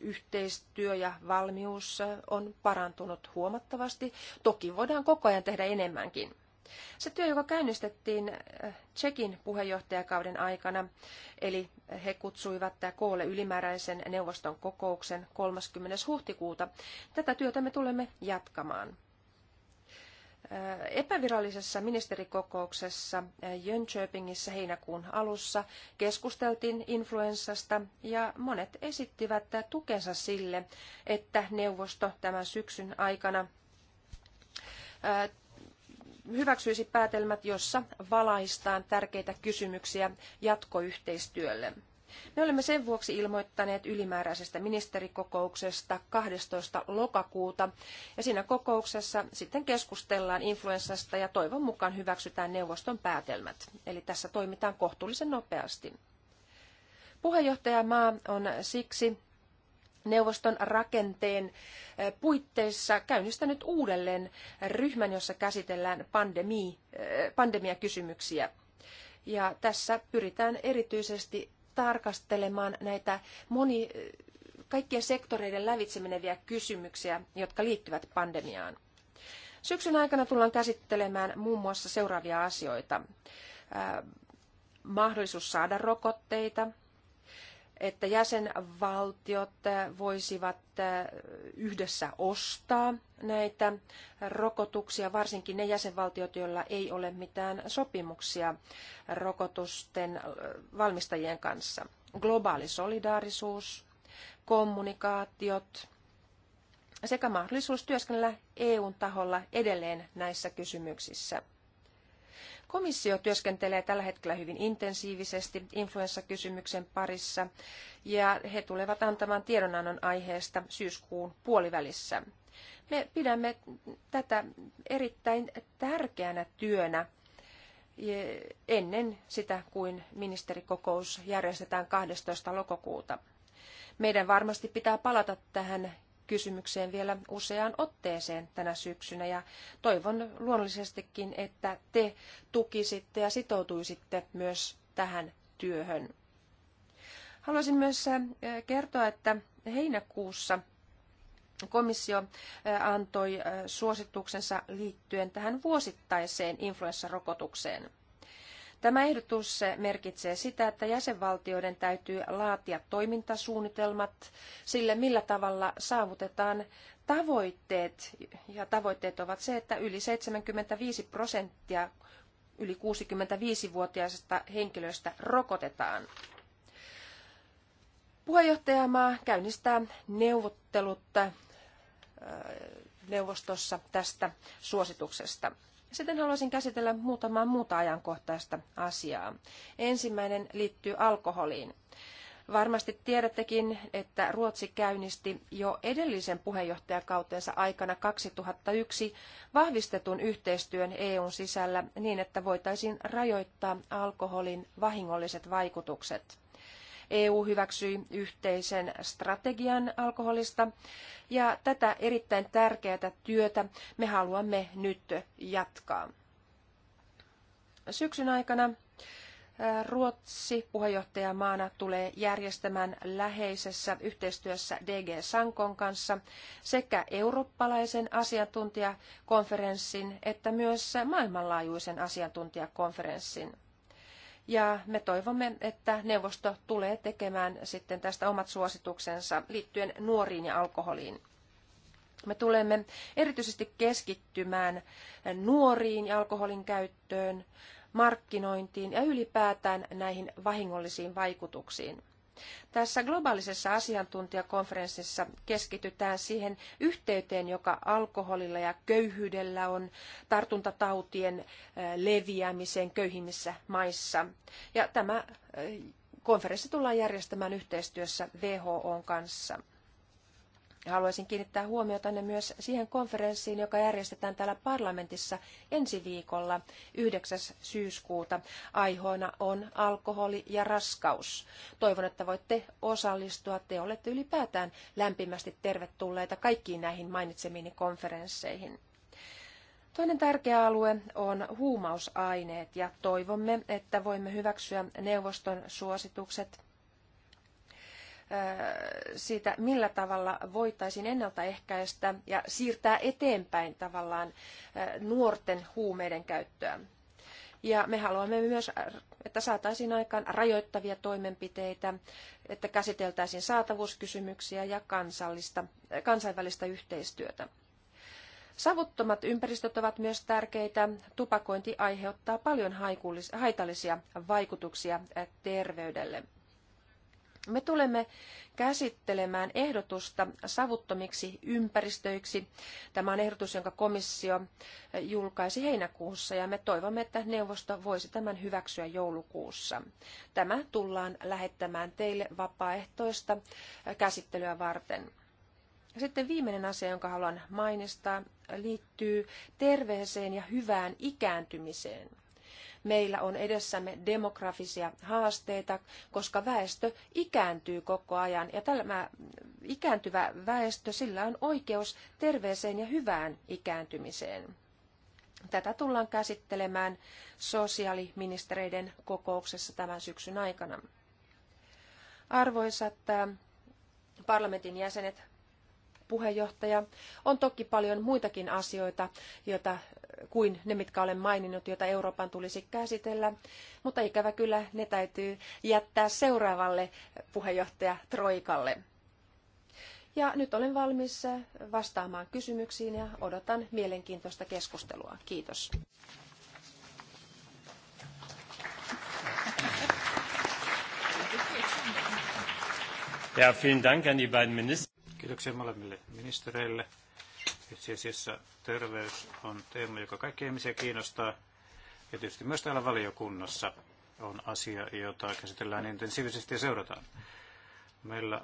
yhteistyö ja valmius on parantunut huomattavasti. Toki voidaan koko ajan tehdä enemmänkin. Se työ, joka käynnistettiin äh, Tsekin puheenjohtajakauden aikana, eli he kutsuivat koolle ylimääräisen neuvoston kokouksen 30. huhtikuuta, tätä työtä me tulemme jatkamaan. Äh, epävirallisessa ministerikokouksessa äh, Jönköpingissä heinäkuun alussa keskusteltiin influenssasta ja monet esittivät tukensa sille, että neuvosto tämän syksyn aikana hyväksyisi päätelmät, jossa valaistaan tärkeitä kysymyksiä jatkoyhteistyölle. Me olemme sen vuoksi ilmoittaneet ylimääräisestä ministerikokouksesta 12. lokakuuta ja siinä kokouksessa sitten keskustellaan influenssasta ja toivon mukaan hyväksytään neuvoston päätelmät. Eli tässä toimitaan kohtuullisen nopeasti. Puheenjohtajamaa on siksi neuvoston rakenteen puitteissa käynnistänyt uudelleen ryhmän, jossa käsitellään pandemia, pandemiakysymyksiä. Ja tässä pyritään erityisesti tarkastelemaan näitä moni, kaikkien sektoreiden lävitsemeneviä kysymyksiä, jotka liittyvät pandemiaan. Syksyn aikana tullaan käsittelemään muun muassa seuraavia asioita. Mahdollisuus saada rokotteita, että jäsenvaltiot eh, voisivat eh, yhdessä ostaa näitä rokotuksia, varsinkin ne jäsenvaltiot, joilla ei ole mitään sopimuksia rokotusten eh, valmistajien kanssa. Globaali solidaarisuus, kommunikaatiot sekä mahdollisuus työskennellä EUn taholla edelleen näissä kysymyksissä – Komissio työskentelee tällä hetkellä hyvin intensiivisesti influenssakysymyksen parissa ja he tulevat antamaan tiedonannon aiheesta syyskuun puolivälissä. Me pidämme tätä erittäin tärkeänä työnä ennen sitä, kuin ministerikokous järjestetään 12. lokakuuta. Meidän varmasti pitää palata tähän kysymykseen vielä useaan otteeseen tänä syksynä ja toivon luonnollisestikin, että te tukisitte ja sitoutuisitte myös tähän työhön. Haluaisin myös äh, kertoa, että heinäkuussa komissio äh, antoi äh, suosituksensa liittyen tähän vuosittaiseen influenssarokotukseen. Tämä ehdotus merkitsee sitä, että jäsenvaltioiden täytyy laatia toimintasuunnitelmat sille, millä tavalla saavutetaan tavoitteet. Ja tavoitteet ovat se, että yli 75 prosenttia yli 65-vuotiaista henkilöistä rokotetaan. Puheenjohtajamaa käynnistää neuvottelut äh, neuvostossa tästä suosituksesta. Sitten haluaisin käsitellä muutamaa muuta ajankohtaista asiaa. Ensimmäinen liittyy alkoholiin. Varmasti tiedättekin, että Ruotsi käynnisti jo edellisen puheenjohtajakautensa aikana 2001 vahvistetun yhteistyön EUn sisällä niin, että voitaisiin rajoittaa alkoholin vahingolliset vaikutukset. EU hyväksyi yhteisen strategian alkoholista ja tätä erittäin tärkeää työtä me haluamme nyt jatkaa. Syksyn aikana äh, Ruotsi puheenjohtajamaana tulee järjestämään läheisessä yhteistyössä DG Sankon kanssa sekä eurooppalaisen asiantuntijakonferenssin että myös maailmanlaajuisen asiantuntijakonferenssin. Ja me toivomme, että neuvosto tulee tekemään sitten tästä omat suosituksensa liittyen nuoriin ja alkoholiin. Me tulemme erityisesti keskittymään nuoriin ja alkoholin käyttöön, markkinointiin ja ylipäätään näihin vahingollisiin vaikutuksiin. Tässä globaalisessa asiantuntijakonferenssissa keskitytään siihen yhteyteen, joka alkoholilla ja köyhyydellä on tartuntatautien leviämiseen köyhimmissä maissa. Ja tämä konferenssi tullaan järjestämään yhteistyössä WHOn kanssa. Haluaisin kiinnittää huomiota myös siihen konferenssiin, joka järjestetään täällä parlamentissa ensi viikolla 9. syyskuuta. Aiheena on alkoholi ja raskaus. Toivon, että voitte osallistua. Te olette ylipäätään lämpimästi tervetulleita kaikkiin näihin mainitsemiini konferensseihin. Toinen tärkeä alue on huumausaineet ja toivomme, että voimme hyväksyä neuvoston suositukset siitä, millä tavalla voitaisiin ennaltaehkäistä ja siirtää eteenpäin tavallaan nuorten huumeiden käyttöä. Ja me haluamme myös, että saataisiin aikaan rajoittavia toimenpiteitä, että käsiteltäisiin saatavuuskysymyksiä ja kansallista, kansainvälistä yhteistyötä. Savuttomat ympäristöt ovat myös tärkeitä. Tupakointi aiheuttaa paljon haitallisia vaikutuksia terveydelle. Me tulemme käsittelemään ehdotusta savuttomiksi ympäristöiksi. Tämä on ehdotus, jonka komissio julkaisi heinäkuussa ja me toivomme, että neuvosto voisi tämän hyväksyä joulukuussa. Tämä tullaan lähettämään teille vapaaehtoista käsittelyä varten. Sitten viimeinen asia, jonka haluan mainistaa, liittyy terveeseen ja hyvään ikääntymiseen meillä on edessämme demografisia haasteita, koska väestö ikääntyy koko ajan ja tämä ikääntyvä väestö, sillä on oikeus terveeseen ja hyvään ikääntymiseen. Tätä tullaan käsittelemään sosiaaliministereiden kokouksessa tämän syksyn aikana. Arvoisat parlamentin jäsenet, puheenjohtaja, on toki paljon muitakin asioita, joita kuin ne, mitkä olen maininnut, joita Euroopan tulisi käsitellä. Mutta ikävä kyllä ne täytyy jättää seuraavalle puheenjohtaja Troikalle. Ja nyt olen valmis vastaamaan kysymyksiin ja odotan mielenkiintoista keskustelua. Kiitos. Ja, vielen Dank an die beiden Minister- Kiitoksia molemmille ministereille. Itse asiassa terveys on teema, joka kaikkia ihmisiä kiinnostaa. Ja tietysti myös täällä valiokunnassa on asia, jota käsitellään intensiivisesti ja seurataan. Meillä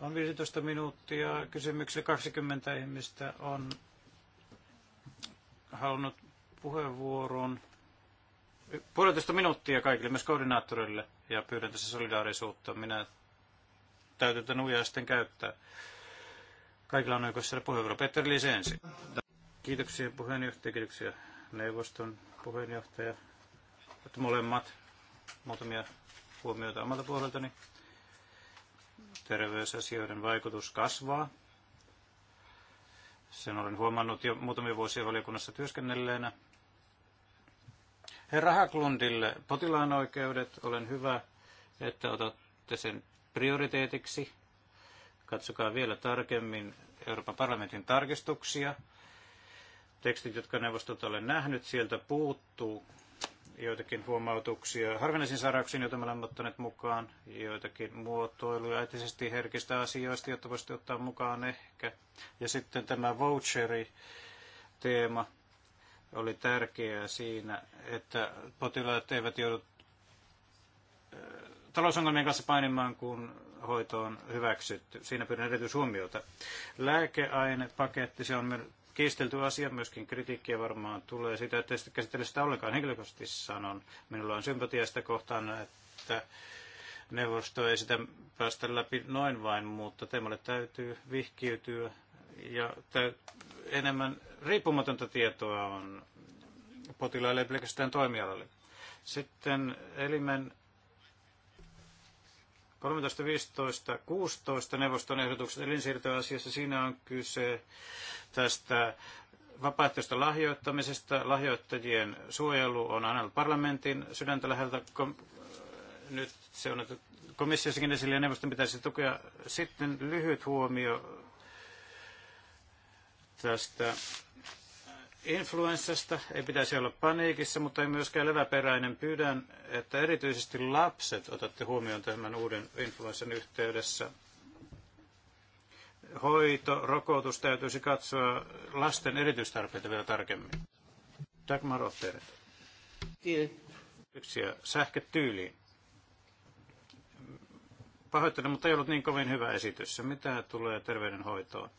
on 15 minuuttia. kysymyksiä. 20 ihmistä on halunnut puheenvuoron. Puolitoista minuuttia kaikille, myös koordinaattorille, ja pyydän tässä solidaarisuutta. Minä täytyy tämän ujaa sitten käyttää. Kaikilla on oikeus saada puheenvuoro. Petteri Lisensi. Kiitoksia puheenjohtaja, kiitoksia neuvoston puheenjohtaja, että molemmat muutamia huomioita omalta puoleltani. Terveysasioiden vaikutus kasvaa. Sen olen huomannut jo muutamia vuosia valiokunnassa työskennelleenä. Herra Haklundille, potilaan oikeudet, olen hyvä, että otat otitte sen prioriteetiksi. Katsokaa vielä tarkemmin Euroopan parlamentin tarkistuksia. Tekstit, jotka neuvostolta olen nähnyt, sieltä puuttuu joitakin huomautuksia harvinaisiin sairauksiin, joita me olemme ottaneet mukaan, joitakin muotoiluja eettisesti herkistä asioista, jotta voisitte ottaa mukaan ehkä. Ja sitten tämä voucheri-teema oli tärkeää siinä, että potilaat eivät joudu talousongelmien kanssa painimaan, kun hoito on hyväksytty. Siinä pyydän erityishuomiota. Lääkeainepaketti, se on kiistelty asia, myöskin kritiikkiä varmaan tulee siitä, että sitä käsittele sitä ollenkaan henkilökohtaisesti sanon. Minulla on sitä kohtaan, että neuvosto ei sitä päästä läpi noin vain, mutta teemalle täytyy vihkiytyä ja enemmän riippumatonta tietoa on potilaille ja pelkästään toimialalle. Sitten elimen 13, 15, 16 neuvoston ehdotukset elinsiirtoasiassa. Siinä on kyse tästä vapaaehtoista lahjoittamisesta. Lahjoittajien suojelu on aina parlamentin sydäntä läheltä. Nyt se on komissiossakin esille ja neuvoston pitäisi tukea. Sitten lyhyt huomio tästä Influenssasta ei pitäisi olla paniikissa, mutta ei myöskään leväperäinen. Pyydän, että erityisesti lapset otatte huomioon tämän uuden influenssan yhteydessä. Hoito, rokotus täytyisi katsoa lasten erityistarpeita vielä tarkemmin. Dagmar Otteret. Yksi sähkötyyliin. Pahoittelen, mutta ei ollut niin kovin hyvä esitys. mitä tulee terveydenhoitoon?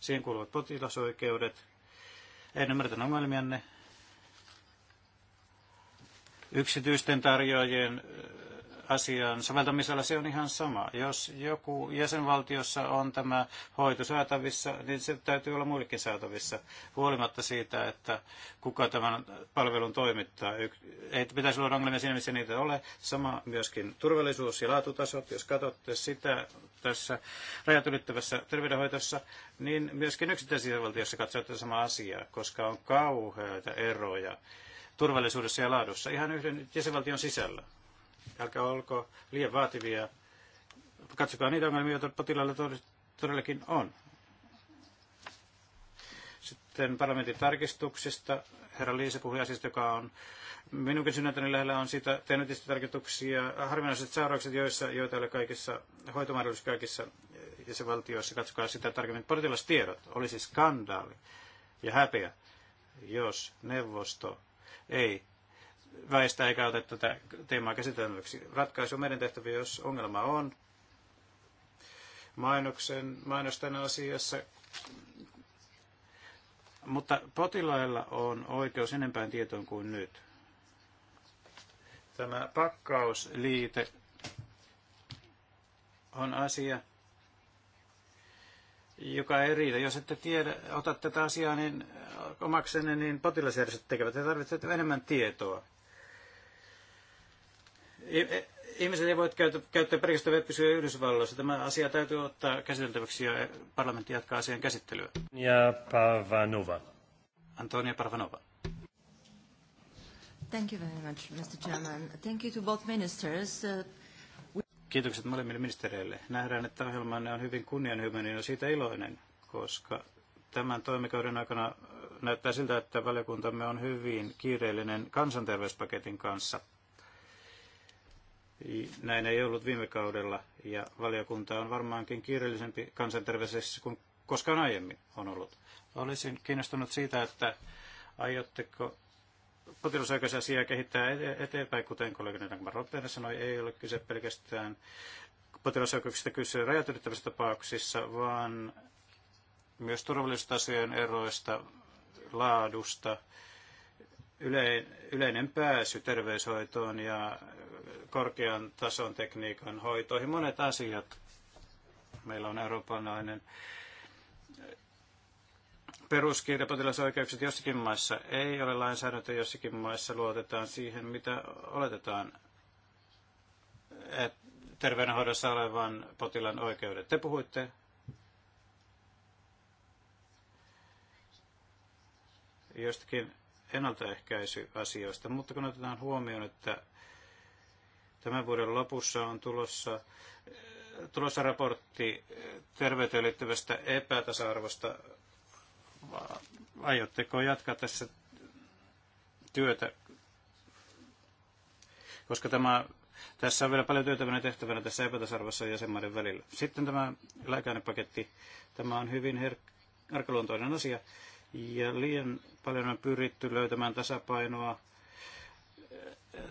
Siihen kuuluvat potilasoikeudet, en ymmärtänyt ongelmianne. Yksityisten tarjoajien asian soveltamisella se on ihan sama. Jos joku jäsenvaltiossa on tämä hoito saatavissa, niin se täytyy olla muillekin saatavissa, huolimatta siitä, että kuka tämän palvelun toimittaa. Ei pitäisi olla ongelmia siinä, missä niitä ole. Sama myöskin turvallisuus ja laatutasot. Jos katsotte sitä tässä rajat ylittävässä terveydenhoidossa, niin myöskin yksittäisessä valtiossa katsotte samaa asiaa, koska on kauheita eroja turvallisuudessa ja laadussa ihan yhden jäsenvaltion sisällä. Älkää olko liian vaativia. Katsokaa niitä ongelmia, joita potilaalla todellakin on. Sitten parlamentin tarkistuksista. Herra Liisa puhui asiasta, joka on minunkin synnytäni lähellä on siitä tehnyt tarkistuksia. harvinaiset sairaukset, joissa, joita ei ole kaikissa hoitomahdollisuus kaikissa jäsenvaltioissa. Katsokaa sitä tarkemmin. Potilastiedot olisi skandaali ja häpeä, jos neuvosto ei väistä eikä ota tätä teemaa käsitelmäksi. Ratkaisu meidän tehtävä, jos ongelma on mainoksen, mainosten asiassa, mutta potilailla on oikeus enempään tietoon kuin nyt. Tämä pakkausliite on asia, joka ei riitä. Jos ette tiedä, ota tätä asiaa niin omaksenne, niin potilasjärjestöt tekevät. Te tarvitsette enemmän tietoa. E, ihmiset ei voi käyttää, käyttää pelkästään web Yhdysvalloissa. Tämä asia täytyy ottaa käsiteltäväksi ja parlamentti jatkaa asian käsittelyä. Ja Parvanova. Antonia Parvanova. Thank you very much, Mr. Chairman. Thank you to both ministers. Uh, Kiitokset molemmille ministereille. Nähdään, että ohjelmanne on hyvin kunnianhimoinen ja siitä iloinen, koska tämän toimikauden aikana näyttää siltä, että valiokuntamme on hyvin kiireellinen kansanterveyspaketin kanssa – näin ei ollut viime kaudella ja valiokunta on varmaankin kiireellisempi kansanterveydessä kuin koskaan aiemmin on ollut. Olisin kiinnostunut siitä, että aiotteko asiaa kehittää eteenpäin, kuten kollegani Dagmar Rottena sanoi, ei ole kyse pelkästään potilasoikeuksista kyse rajatyrittävissä tapauksissa, vaan myös turvallisuusasioiden eroista, laadusta, yleinen pääsy terveyshoitoon ja korkean tason tekniikan hoitoihin. Monet asiat. Meillä on eurooppalainen peruskirja potilasoikeukset jossakin maissa ei ole lainsäädäntö, jossakin maissa luotetaan siihen, mitä oletetaan että terveydenhoidossa olevan potilaan oikeudet. Te puhuitte jostakin ennaltaehkäisyasioista, mutta kun otetaan huomioon, että Tämän vuoden lopussa on tulossa, tulossa raportti terveyteen liittyvästä epätasa-arvosta. Aiotteko jatkaa tässä työtä, koska tämä, tässä on vielä paljon työtä tehtävänä tässä epätasarvossa jäsenmaiden välillä. Sitten tämä lääkäinepaketti, tämä on hyvin herk- arkaluontoinen asia ja liian paljon on pyritty löytämään tasapainoa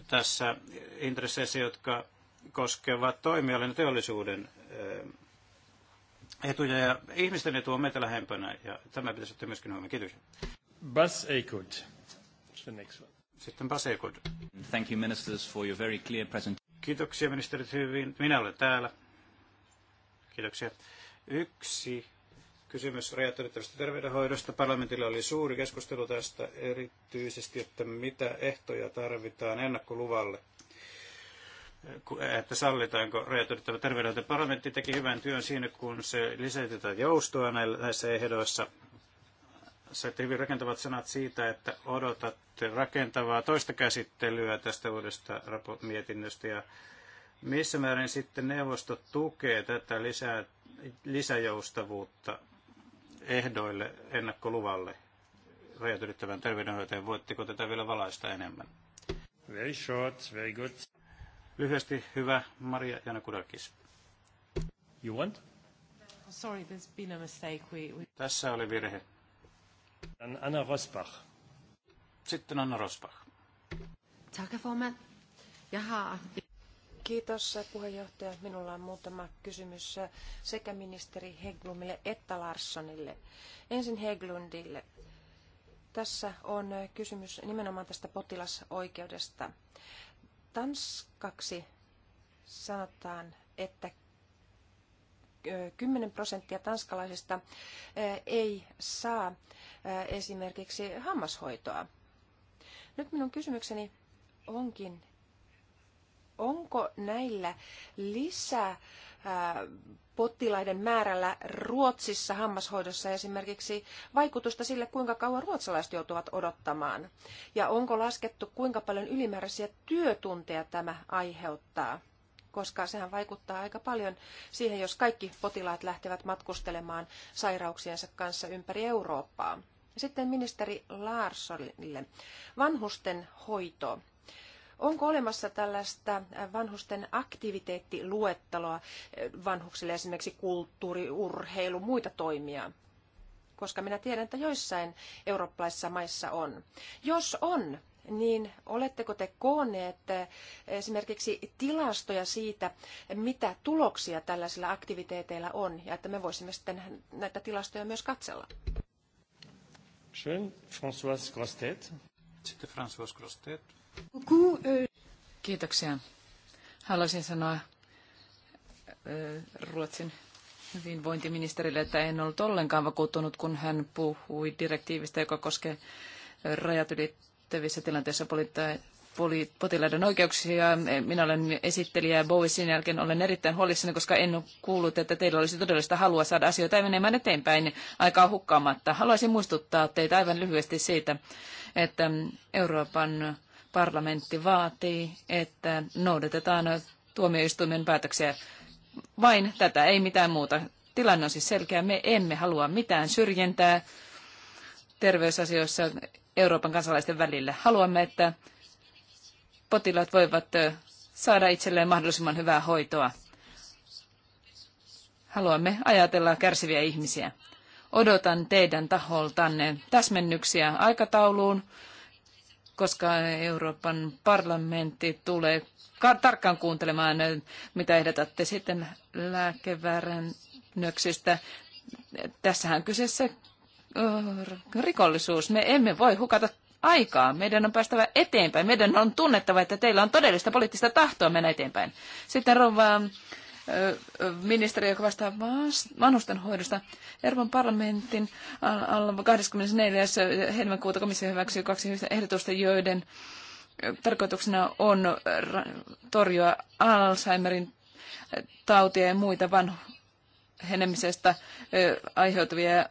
tässä intresseissä, jotka koskevat toimialan ja teollisuuden eh, etuja ja ihmisten etu on meitä lähempänä ja tämä pitäisi ottaa myöskin huomioon. Kiitos. Bas Eikud. Sitten Bas Eikud. Thank you ministers for your very clear presentation. Kiitoksia ministerit hyvin. Minä olen täällä. Kiitoksia. Yksi kysymys rajattelyttävästä terveydenhoidosta. Parlamentilla oli suuri keskustelu tästä erityisesti, että mitä ehtoja tarvitaan ennakkoluvalle että sallitaanko rajatyrittävä terveydenhoito. Parlamentti teki hyvän työn siinä, kun se lisätetään joustoa näissä ehdoissa. Saitte hyvin rakentavat sanat siitä, että odotatte rakentavaa toista käsittelyä tästä uudesta mietinnöstä ja missä määrin sitten neuvosto tukee tätä lisää, lisäjoustavuutta ehdoille ennakkoluvalle rajat ylittävän terveydenhoitajan. Voitteko tätä vielä valaista enemmän? Very short, very good. Lyhyesti hyvä Maria Jana Janakudakis. You want? Sorry, there's been a mistake. We, we... Tässä oli virhe. Anna Rosbach. Sitten Anna Rosbach. Tack, Jag har Kiitos puheenjohtaja. Minulla on muutama kysymys sekä ministeri Heglumille että Larssonille. Ensin Heglundille. Tässä on kysymys nimenomaan tästä potilasoikeudesta. Tanskaksi sanotaan, että 10 prosenttia tanskalaisista ei saa esimerkiksi hammashoitoa. Nyt minun kysymykseni onkin, onko näillä lisää äh, potilaiden määrällä Ruotsissa hammashoidossa esimerkiksi vaikutusta sille, kuinka kauan ruotsalaiset joutuvat odottamaan? Ja onko laskettu, kuinka paljon ylimääräisiä työtunteja tämä aiheuttaa? Koska sehän vaikuttaa aika paljon siihen, jos kaikki potilaat lähtevät matkustelemaan sairauksiensa kanssa ympäri Eurooppaa. Sitten ministeri Larssonille. Vanhusten hoito Onko olemassa tällaista vanhusten aktiviteettiluetteloa eh, vanhuksille esimerkiksi kulttuuri, urheilu, muita toimia? Koska minä tiedän, että joissain eurooppalaisissa maissa on. Jos on, niin oletteko te kooneet eh, esimerkiksi tilastoja siitä, mitä tuloksia tällaisilla aktiviteeteilla on, ja että me voisimme sitten näitä tilastoja myös katsella? Schön, François Grostet. Sitten François Grostet. Kiitoksia. Haluaisin sanoa äh, Ruotsin hyvinvointiministerille, että en ollut ollenkaan vakuuttunut, kun hän puhui direktiivistä, joka koskee rajat ylittävissä tilanteissa potilaiden oikeuksia. Minä olen esittelijä Bowisin jälkeen olen erittäin huolissani, koska en kuullut, että teillä olisi todellista halua saada asioita menemään eteenpäin aikaa hukkaamatta. Haluaisin muistuttaa teitä aivan lyhyesti siitä, että Euroopan parlamentti vaatii, että noudatetaan tuomioistuimen päätöksiä. Vain tätä, ei mitään muuta. Tilanne on siis selkeä. Me emme halua mitään syrjintää terveysasioissa Euroopan kansalaisten välillä. Haluamme, että potilaat voivat saada itselleen mahdollisimman hyvää hoitoa. Haluamme ajatella kärsiviä ihmisiä. Odotan teidän taholtanne täsmennyksiä aikatauluun, koska Euroopan parlamentti tulee tarkkaan kuuntelemaan, mitä ehdotatte sitten lääkeväärennöksistä. Tässähän kyseessä rikollisuus. Me emme voi hukata aikaa. Meidän on päästävä eteenpäin. Meidän on tunnettava, että teillä on todellista poliittista tahtoa mennä eteenpäin. Sitten Rova ministeri, joka vastaa vanhustenhoidosta. Euroopan parlamentin alla 24. helmikuuta komissio hyväksyi kaksi ehdotusta, joiden tarkoituksena on torjua Alzheimerin tautia ja muita vanhenemisestä aiheutuvia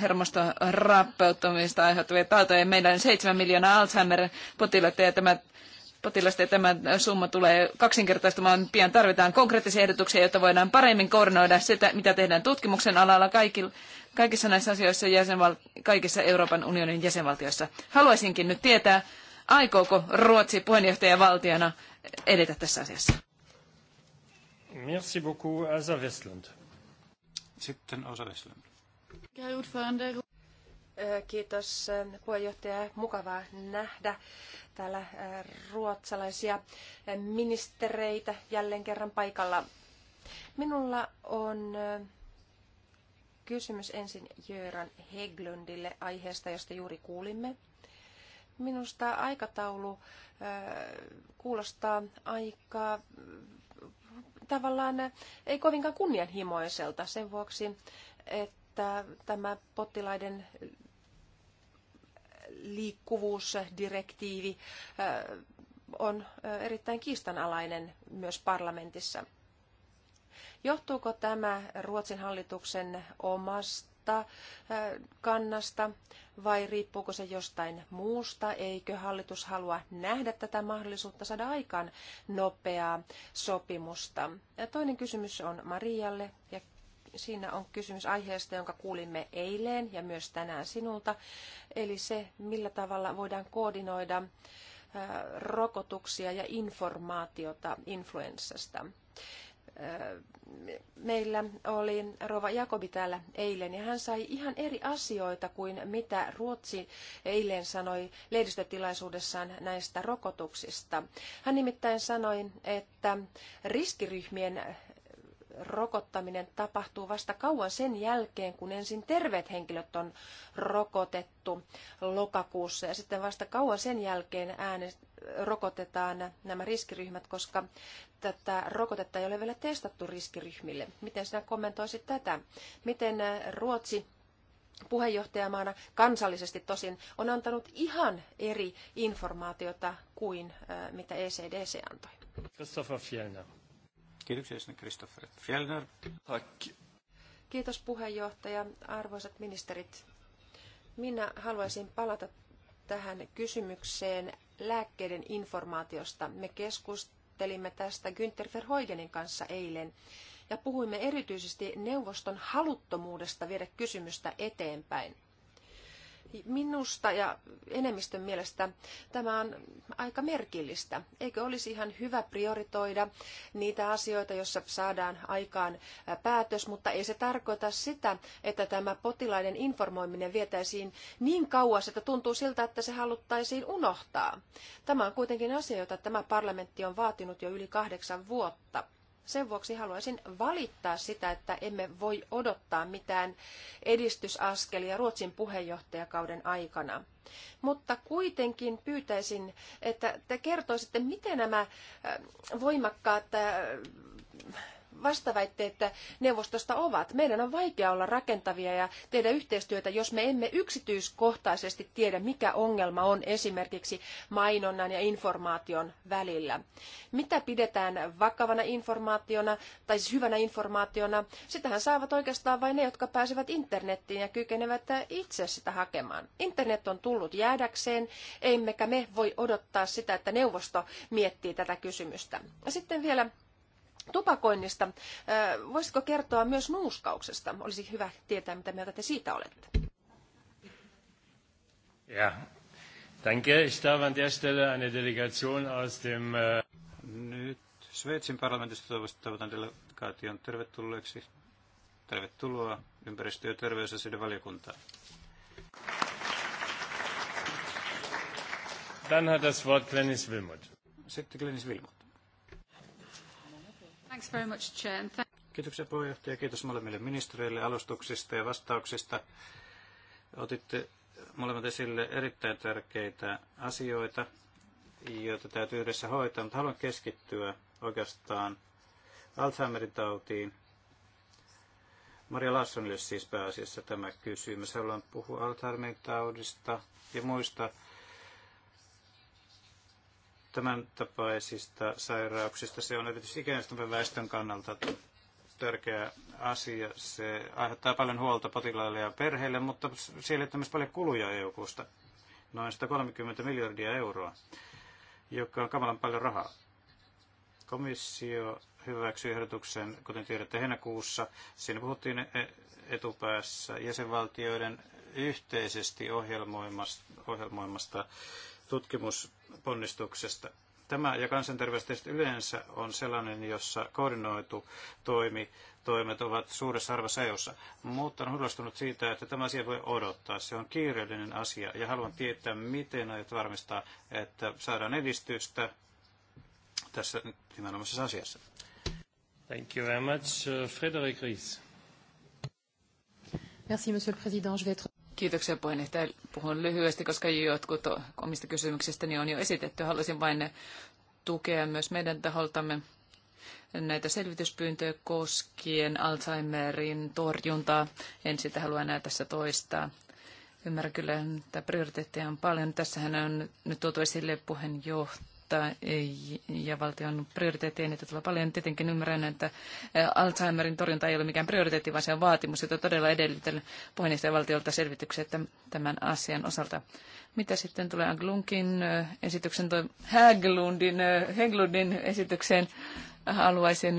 hermoston rappeuttamista aiheutuvia tautoja. Meillä on 7 miljoonaa Alzheimer-potilaita ja tämä potilasta ja tämä summa tulee kaksinkertaistumaan. Pian tarvitaan konkreettisia ehdotuksia, jotta voidaan paremmin koordinoida sitä, mitä tehdään tutkimuksen alalla kaikilla, kaikissa näissä asioissa jäsenval- kaikissa Euroopan unionin jäsenvaltioissa. Haluaisinkin nyt tietää, aikooko Ruotsi puheenjohtajavaltiona edetä tässä asiassa? Merci beaucoup, Asa Westlund. Sitten Westlund. Kiitos puheenjohtaja. Mukavaa nähdä täällä ruotsalaisia ministereitä jälleen kerran paikalla. Minulla on kysymys ensin Jöran Heglundille aiheesta, josta juuri kuulimme. Minusta aikataulu kuulostaa aika tavallaan ei kovinkaan kunnianhimoiselta sen vuoksi, että tämä potilaiden liikkuvuusdirektiivi äh, on äh, erittäin kiistanalainen myös parlamentissa. Johtuuko tämä Ruotsin hallituksen omasta äh, kannasta vai riippuuko se jostain muusta? Eikö hallitus halua nähdä tätä mahdollisuutta saada aikaan nopeaa sopimusta? toinen kysymys on Marialle ja siinä on kysymys aiheesta, jonka kuulimme eilen ja myös tänään sinulta. Eli se, millä tavalla voidaan koordinoida äh, rokotuksia ja informaatiota influenssasta. Äh, meillä oli Rova Jakobi täällä eilen ja hän sai ihan eri asioita kuin mitä Ruotsi eilen sanoi lehdistötilaisuudessaan näistä rokotuksista. Hän nimittäin sanoi, että riskiryhmien rokottaminen tapahtuu vasta kauan sen jälkeen, kun ensin terveet henkilöt on rokotettu lokakuussa ja sitten vasta kauan sen jälkeen äänest, rokotetaan nämä riskiryhmät, koska tätä rokotetta ei ole vielä testattu riskiryhmille. Miten sinä kommentoisit tätä? Miten äh, Ruotsi puheenjohtajamaana kansallisesti tosin on antanut ihan eri informaatiota kuin äh, mitä ECDC antoi? Christopher Fjellner. Kiitoksia sinne Fjellner. Tack. Kiitos puheenjohtaja. Arvoisat ministerit, minä haluaisin palata tähän kysymykseen lääkkeiden informaatiosta. Me keskustelimme tästä Günther Verhoigenin kanssa eilen ja puhuimme erityisesti neuvoston haluttomuudesta viedä kysymystä eteenpäin. Minusta ja enemmistön mielestä tämä on aika merkillistä. Eikö olisi ihan hyvä prioritoida niitä asioita, joissa saadaan aikaan päätös, mutta ei se tarkoita sitä, että tämä potilaiden informoiminen vietäisiin niin kauas, että tuntuu siltä, että se haluttaisiin unohtaa. Tämä on kuitenkin asia, jota tämä parlamentti on vaatinut jo yli kahdeksan vuotta. Sen vuoksi haluaisin valittaa sitä, että emme voi odottaa mitään edistysaskelia Ruotsin puheenjohtajakauden aikana. Mutta kuitenkin pyytäisin, että te kertoisitte, miten nämä äh, voimakkaat äh, vastaväitteet neuvostosta ovat. Meidän on vaikea olla rakentavia ja tehdä yhteistyötä, jos me emme yksityiskohtaisesti tiedä, mikä ongelma on esimerkiksi mainonnan ja informaation välillä. Mitä pidetään vakavana informaationa tai siis hyvänä informaationa? Sitähän saavat oikeastaan vain ne, jotka pääsevät internettiin ja kykenevät itse sitä hakemaan. Internet on tullut jäädäkseen, emmekä me voi odottaa sitä, että neuvosto miettii tätä kysymystä. Sitten vielä tupakoinnista. Voisitko kertoa myös nuuskauksesta? Olisi hyvä tietää, mitä mieltä te siitä olette. Ja, danke. Ich darf an der Stelle eine Delegation aus dem... Äh, Nyt Sveitsin parlamentista toivotan delegaation tervetulleeksi. Tervetuloa ympäristö- ja terveysasioiden valiokuntaan. Dann hat das Wort Glennis Wilmot. Sitten Glennis Wilmot. Kiitoksia puheenjohtaja. Kiitos molemmille ministereille alustuksista ja vastauksista. Otitte molemmat esille erittäin tärkeitä asioita, joita täytyy yhdessä hoitaa, mutta haluan keskittyä oikeastaan Alzheimerin tautiin. Maria Larssonille siis pääasiassa tämä kysymys. Haluan puhua Alzheimerin taudista ja muista tämän tapaisista sairauksista. Se on erityisesti ikääntyvän väestön kannalta tärkeä asia. Se aiheuttaa paljon huolta potilaille ja perheille, mutta on myös paljon kuluja EU-kusta, noin 130 miljardia euroa, joka on kamalan paljon rahaa. Komissio hyväksyi ehdotuksen, kuten tiedätte, heinäkuussa. Siinä puhuttiin e- etupäässä jäsenvaltioiden yhteisesti ohjelmoimasta, ohjelmoimasta tutkimus ponnistuksesta. Tämä ja kansanterveystest yleensä on sellainen, jossa koordinoitu toimi, toimet ovat suuressa arvossa EU-ssa, Mutta on huolestunut siitä, että tämä asia voi odottaa. Se on kiireellinen asia ja haluan tietää, miten aiot varmistaa, että saadaan edistystä tässä nimenomaisessa asiassa. Thank you very much. Uh, Ries. Merci, Monsieur le Président. Je vais être... Kiitoksia puheenjohtaja. Puhun lyhyesti, koska jotkut omista kysymyksistäni on jo esitetty. Haluaisin vain tukea myös meidän taholtamme näitä selvityspyyntöjä koskien Alzheimerin torjuntaa. En sitä halua enää tässä toistaa. Ymmärrän kyllä, että prioriteetteja on paljon. Tässähän on nyt tuotu esille puheenjohtaja ei, ja valtion prioriteettien niitä tulee paljon. Tietenkin ymmärrän, että Alzheimerin torjunta ei ole mikään prioriteetti, vaan se on vaatimus, jota todella edellytän valtiolta selvityksiä tämän asian osalta. Mitä sitten tulee Aglunkin esityksen, toi Häglundin, Häglundin esitykseen, haluaisin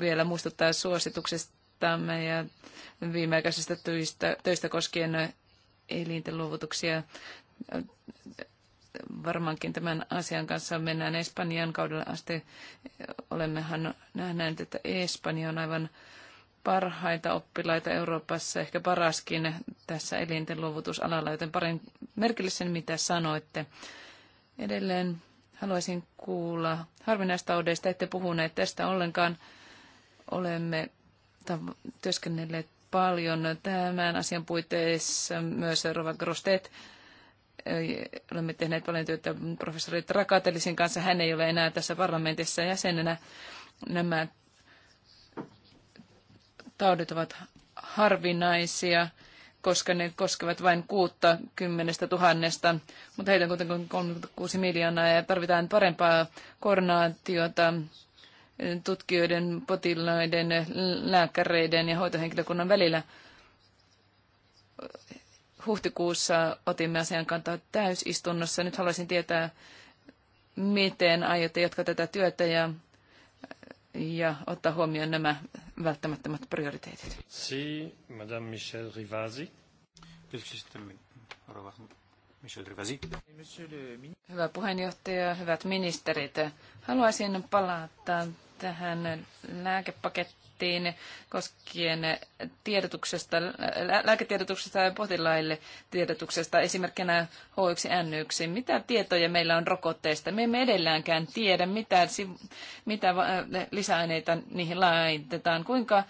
vielä muistuttaa suosituksestamme ja viimeaikaisista töistä, töistä koskien elinten luovutuksia varmaankin tämän asian kanssa mennään Espanjan kaudella asti. Olemmehan nähneet, että Espanja on aivan parhaita oppilaita Euroopassa, ehkä paraskin tässä elinten luovutusalalla, joten parin merkille sen, mitä sanoitte. Edelleen haluaisin kuulla harvinaistaudeista, ette puhuneet tästä ollenkaan. Olemme työskennelleet paljon tämän asian puitteissa myös Rova Grostet Olemme tehneet paljon työtä professori Trakatelisin kanssa. Hän ei ole enää tässä parlamentissa jäsenenä. Nämä taudit ovat harvinaisia, koska ne koskevat vain kuutta kymmenestä tuhannesta, mutta heitä on kuitenkin 36 miljoonaa ja tarvitaan parempaa koordinaatiota tutkijoiden, potilaiden, lääkäreiden ja hoitohenkilökunnan välillä huhtikuussa otimme asian kantaa täysistunnossa. Nyt haluaisin tietää, miten aiotte jatkaa tätä työtä ja, ja ottaa huomioon nämä välttämättömät prioriteetit. Si, Madame Michelle Rivasi. Kysykö Michel puhemies Hyvä puheenjohtaja, hyvät ministerit. Haluaisin palata tähän lääkepakettiin koskien tiedotuksesta, lääketiedotuksesta ja potilaille tiedotuksesta, esimerkkinä H1N1. Mitä tietoja meillä on rokotteista? Me emme edelläänkään tiedä, mitä, mitä lisäaineita niihin laitetaan, kuinka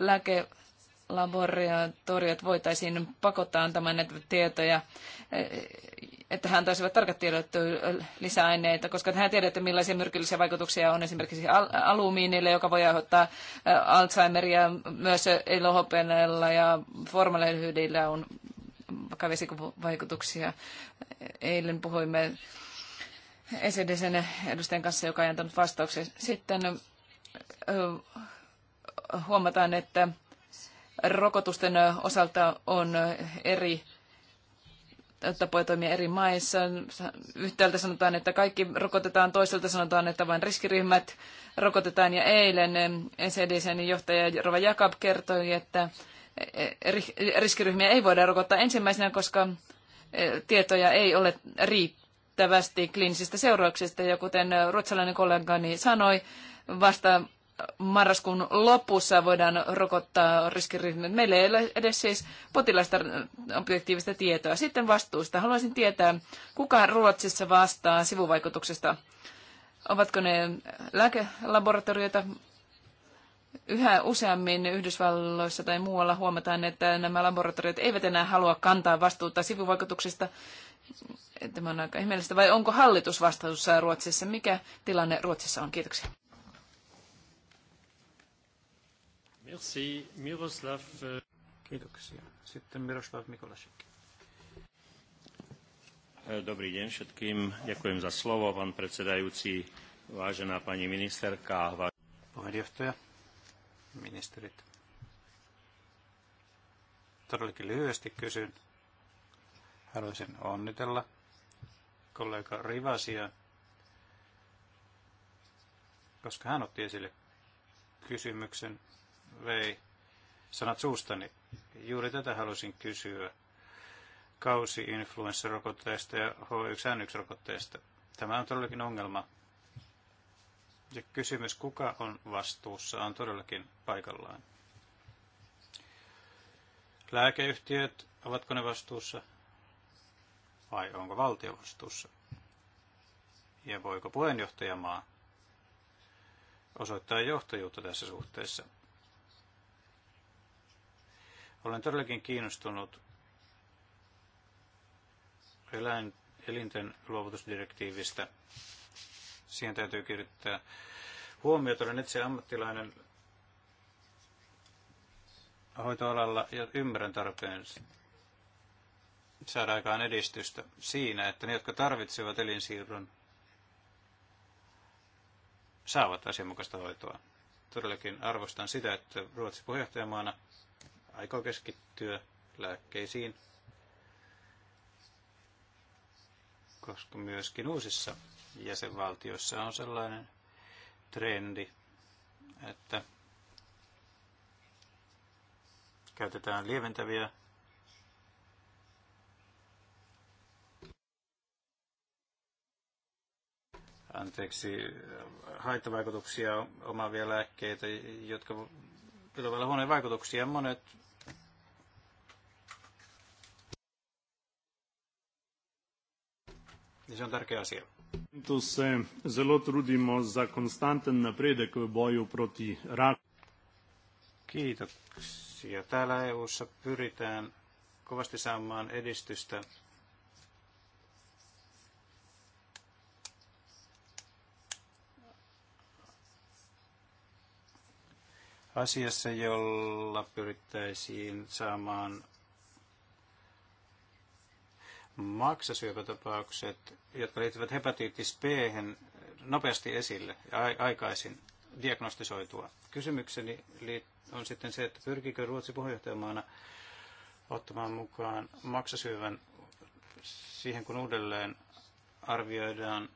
lääke laboratoriot voitaisiin pakottaa antamaan näitä tietoja, että hän antaisivat tarkat tiedot lisäaineita, koska hän tiedät, että millaisia myrkyllisiä vaikutuksia on esimerkiksi alumiinille, joka voi aiheuttaa Alzheimeria, myös elohopeneella ja formalehyydillä on vakavia vaikutuksia. Eilen puhuimme ECDCn edustajan kanssa, joka ei antanut vastauksia. Sitten huomataan, että rokotusten osalta on eri tapoja toimia eri maissa. Yhtäältä sanotaan, että kaikki rokotetaan, toiselta sanotaan, että vain riskiryhmät rokotetaan. Ja eilen ECDCn johtaja Rova Jakab kertoi, että riskiryhmiä ei voida rokottaa ensimmäisenä, koska e, tietoja ei ole riittävästi kliinisistä seurauksista. Ja kuten ruotsalainen kollegani sanoi, vasta marraskuun lopussa voidaan rokottaa riskiryhmät. Meillä ei ole edes siis potilaista objektiivista tietoa. Sitten vastuusta. Haluaisin tietää, kuka Ruotsissa vastaa sivuvaikutuksesta. Ovatko ne lääkelaboratorioita? Yhä useammin Yhdysvalloissa tai muualla huomataan, että nämä laboratoriot eivät enää halua kantaa vastuuta sivuvaikutuksista. Tämä on aika ihmeellistä. Vai onko hallitus vastuussa Ruotsissa? Mikä tilanne Ruotsissa on? Kiitoksia. Merci, Miroslav. Kiitoksia. Sitten Miroslav Mikolašik. E, dobrý deň všetkým. Ďakujem za slovo, pán predsedajúci, vážená pani ministerka. Váž... Puheenjohtaja, ministerit. Todellakin lyhyesti kysyn. Haluaisin onnitella kollega Rivasia, koska hän otti esille kysymyksen vei sanat suustani. Juuri tätä halusin kysyä kausi-influenssarokotteesta ja H1N1-rokotteesta. Tämä on todellakin ongelma. Ja kysymys, kuka on vastuussa, on todellakin paikallaan. Lääkeyhtiöt, ovatko ne vastuussa vai onko valtio vastuussa? Ja voiko puheenjohtajamaa osoittaa johtajuutta tässä suhteessa? Olen todellakin kiinnostunut eläin, elinten luovutusdirektiivistä. Siihen täytyy kirjoittaa huomiota. Olen itse ammattilainen hoitoalalla ja ymmärrän tarpeen saada aikaan edistystä siinä, että ne, jotka tarvitsevat elinsiirron, saavat asianmukaista hoitoa. Todellakin arvostan sitä, että Ruotsin puheenjohtajamaana – aikoo keskittyä lääkkeisiin, koska myöskin uusissa jäsenvaltioissa on sellainen trendi, että käytetään lieventäviä anteeksi, haittavaikutuksia omaavia lääkkeitä, jotka kyllä huoneen vaikutuksia. Monet niin se on tärkeä asia. Tu se zelo trudimo za konstanten napredek v boju proti raku. Kiitoksia. Täällä EU:ssa pyritään kovasti saamaan edistystä asiassa, jolla pyrittäisiin saamaan maksasyöpätapaukset, jotka liittyvät hepatiitis B, nopeasti esille ja aikaisin diagnostisoitua. Kysymykseni on sitten se, että pyrkikö Ruotsi puheenjohtajamaana ottamaan mukaan maksasyövän siihen, kun uudelleen arvioidaan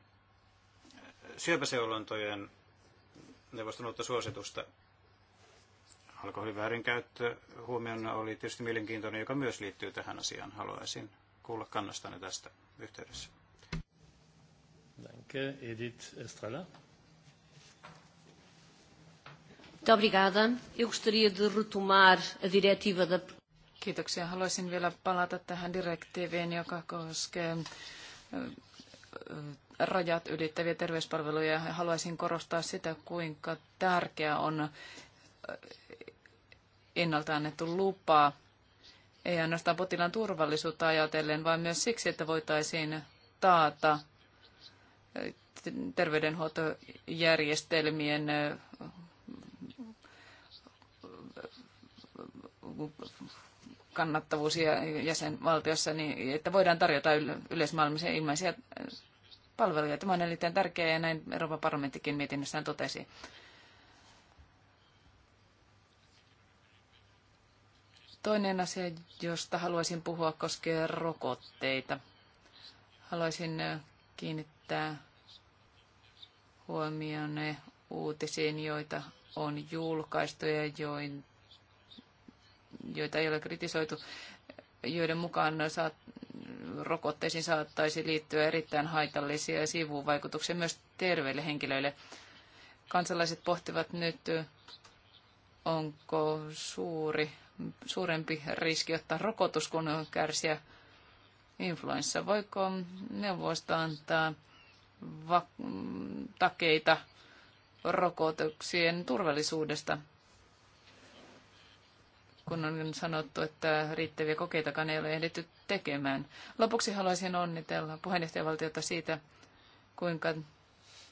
syöpäseulontojen neuvoston uutta suositusta. Alkoholin väärinkäyttö huomiona oli tietysti mielenkiintoinen, joka myös liittyy tähän asiaan. Haluaisin kuulla kannastani tästä yhteydessä. Danke, Edith Estrella. Muito obrigada. Eu gostaria de retomar a diretiva da... Kiitoksia. Haluaisin vielä palata tähän direktiiviin, joka koskee rajat ylittäviä terveyspalveluja. Haluaisin korostaa sitä, kuinka tärkeä on ennalta annettu lupa ei ainoastaan potilaan turvallisuutta ajatellen, vaan myös siksi, että voitaisiin taata terveydenhuoltojärjestelmien kannattavuus ja jäsenvaltiossa, niin että voidaan tarjota yleismaailmallisia ilmaisia palveluja. Tämä on erittäin tärkeää ja näin Euroopan parlamenttikin mietinnössään totesi. Toinen asia, josta haluaisin puhua, koskee rokotteita. Haluaisin kiinnittää huomioon uutisiin, joita on julkaistu ja join, joita ei ole kritisoitu, joiden mukaan saat, rokotteisiin saattaisi liittyä erittäin haitallisia sivuvaikutuksia myös terveille henkilöille. Kansalaiset pohtivat nyt, onko suuri suurempi riski ottaa rokotus kuin kärsiä influenssa. Voiko neuvosto antaa takeita rokotuksien turvallisuudesta? kun on sanottu, että riittäviä kokeitakaan ei ole ehditty tekemään. Lopuksi haluaisin onnitella puheenjohtajavaltiota siitä, kuinka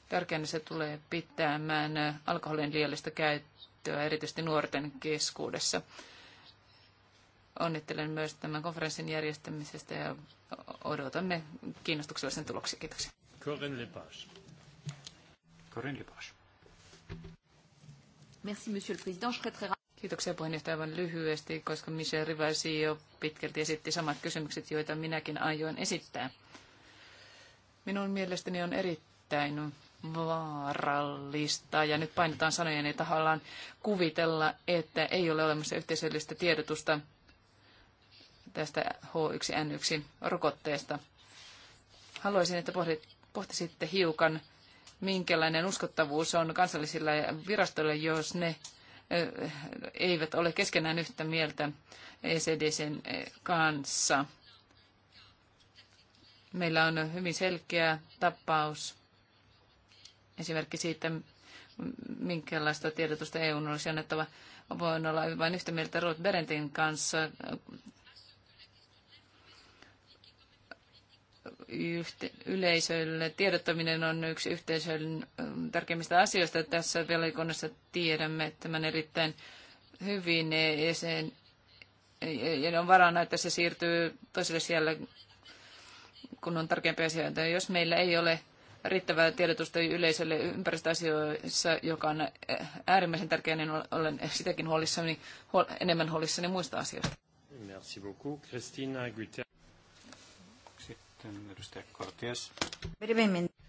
tärkeänä se tulee pitämään alkoholin liiallista käyttöä, erityisesti nuorten keskuudessa. Onnittelen myös tämän konferenssin järjestämisestä ja odotamme kiinnostuksella sen tuloksia. Kiitoksia. Corinne Lepage. Corinne Lepage. Merci, monsieur le président. Je très Kiitoksia puheenjohtaja aivan lyhyesti, koska Michel Rivasi jo pitkälti esitti samat kysymykset, joita minäkin aion esittää. Minun mielestäni on erittäin vaarallista, ja nyt painetaan sanojeni tahallaan, kuvitella, että ei ole olemassa yhteisöllistä tiedotusta tästä H1N1-rokotteesta. Haluaisin, että pohtisitte hiukan, minkälainen uskottavuus on kansallisilla virastoilla, jos ne eivät ole keskenään yhtä mieltä ECDCn kanssa. Meillä on hyvin selkeä tapaus, esimerkki siitä, minkälaista tiedotusta EU olisi annettava. Voin olla vain yhtä mieltä Ruth Berentin kanssa yleisölle. Tiedottaminen on yksi yhteisön mm, tärkeimmistä asioista. Tässä velikonnassa tiedämme tämän erittäin hyvin ja, sen, ja on varana, että se siirtyy toiselle siellä, kun on tärkeämpiä asioita. Jos meillä ei ole riittävää tiedotusta yleisölle ympäristöasioissa, joka on äärimmäisen tärkeä, niin olen sitäkin huolissani, enemmän huolissani muista asioista. Merci beaucoup. Christina Guter. Sitten edustaja Korties.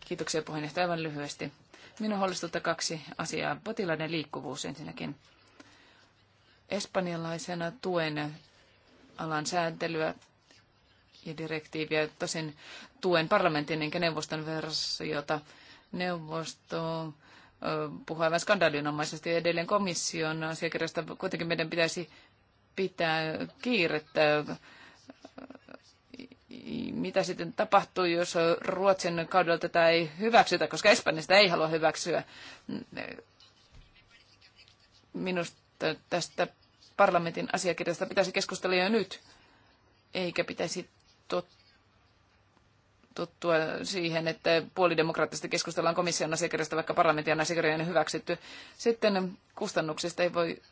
Kiitoksia puheenjohtaja aivan lyhyesti. Minun huolestuttaa kaksi asiaa. Potilaiden liikkuvuus ensinnäkin. Espanjalaisena tuen alan sääntelyä ja direktiiviä. Tosin tuen parlamentin enkä neuvoston versiota. Neuvosto puhuu aivan skandaalinomaisesti edelleen komission asiakirjasta. Kuitenkin meidän pitäisi pitää kiirettä mitä sitten tapahtuu, jos Ruotsin kaudella tätä ei hyväksytä, koska Espanjasta ei halua hyväksyä. Minusta tästä parlamentin asiakirjasta pitäisi keskustella jo nyt, eikä pitäisi tottua siihen, että puolidemokraattisesti keskustellaan komission asiakirjasta, vaikka parlamentin asiakirja on hyväksytty. Sitten kustannuksista ei voi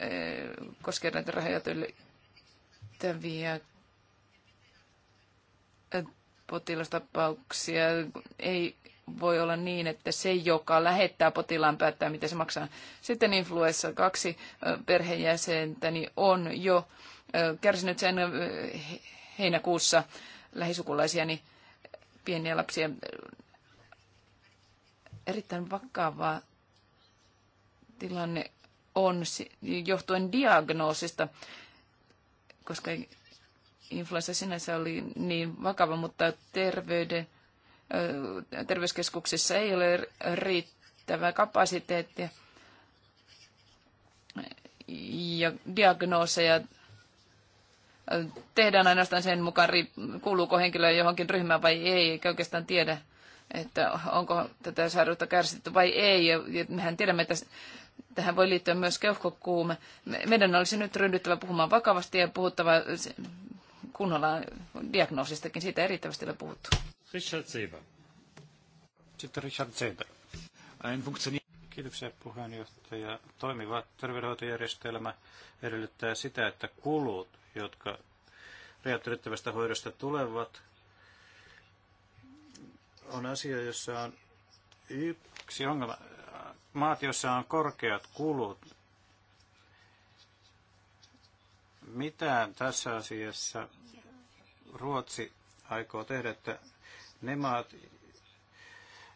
eh, koskea näitä rahoja merkittäviä potilastapauksia. Ei voi olla niin, että se, joka lähettää potilaan, päättää, mitä se maksaa. Sitten influenssa kaksi perheenjäsentäni niin on jo kärsinyt sen heinäkuussa lähisukulaisiani niin pieniä lapsia. Erittäin vakava tilanne on johtuen diagnoosista koska influenssa sinänsä oli niin vakava, mutta terveyden, terveyskeskuksissa ei ole riittävää kapasiteettia ja diagnooseja tehdään ainoastaan sen mukaan, kuuluuko henkilö johonkin ryhmään vai ei, eikä oikeastaan tiedä, että onko tätä sairautta kärsitty vai ei. Ja mehän tiedämme, että tähän voi liittyä myös keuhkokuume. Meidän olisi nyt ryhdyttävä puhumaan vakavasti ja puhuttava kunnolla diagnoosistakin. Siitä ei riittävästi ole puhuttu. Richard Seber. Sitten Richard Seber. Kiitoksia puheenjohtaja. Toimiva terveydenhoitojärjestelmä edellyttää sitä, että kulut, jotka räjäyttävästä hoidosta tulevat, on asia, jossa on yksi ongelma. Maat, joissa on korkeat kulut, mitä tässä asiassa Ruotsi aikoo tehdä, että ne maat,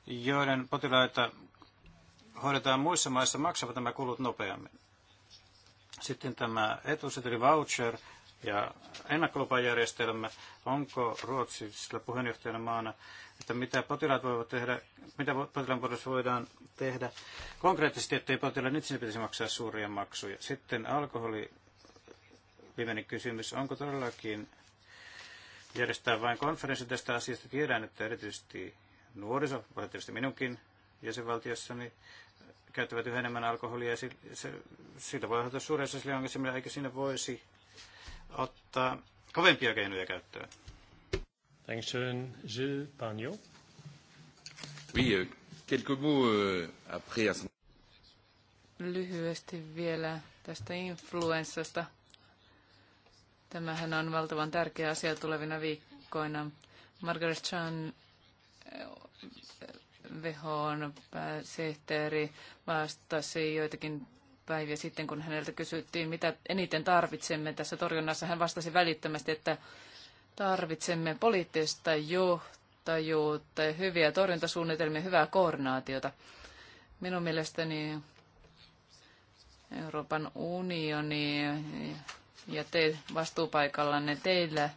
joiden potilaita hoidetaan muissa maissa, maksavat nämä kulut nopeammin. Sitten tämä etuseteli voucher ja ennakkolupajärjestelmä. Onko Ruotsilla puheenjohtajana maana että mitä potilaat voivat tehdä, mitä potilaan puolesta voidaan tehdä konkreettisesti, ettei potilaan itse pitäisi maksaa suuria maksuja. Sitten alkoholi, viimeinen kysymys, onko todellakin järjestää vain konferenssi tästä asiasta. Tiedän, että erityisesti nuoriso, valitettavasti minunkin jäsenvaltiossani, käyttävät yhä enemmän alkoholia ja siitä voi aiheuttaa suuria sosiaalisia ongelmia, eikä siinä voisi ottaa kovempia keinoja käyttöön. Dankeschön. Gilles Pagnot. Oui, euh, quelques mots euh, après lyhyesti vielä tästä influenssasta. Tämähän on valtavan tärkeä asia tulevina viikkoina. Margaret Chan, WHOn eh, pääsihteeri, vastasi joitakin päiviä sitten, kun häneltä kysyttiin, mitä eniten tarvitsemme tässä torjunnassa. Hän vastasi välittömästi, että Tarvitsemme poliittista johtajuutta, hyviä torjuntasuunnitelmia, hyvää koordinaatiota. Minun mielestäni Euroopan unioni ja te vastuupaikallanne teillä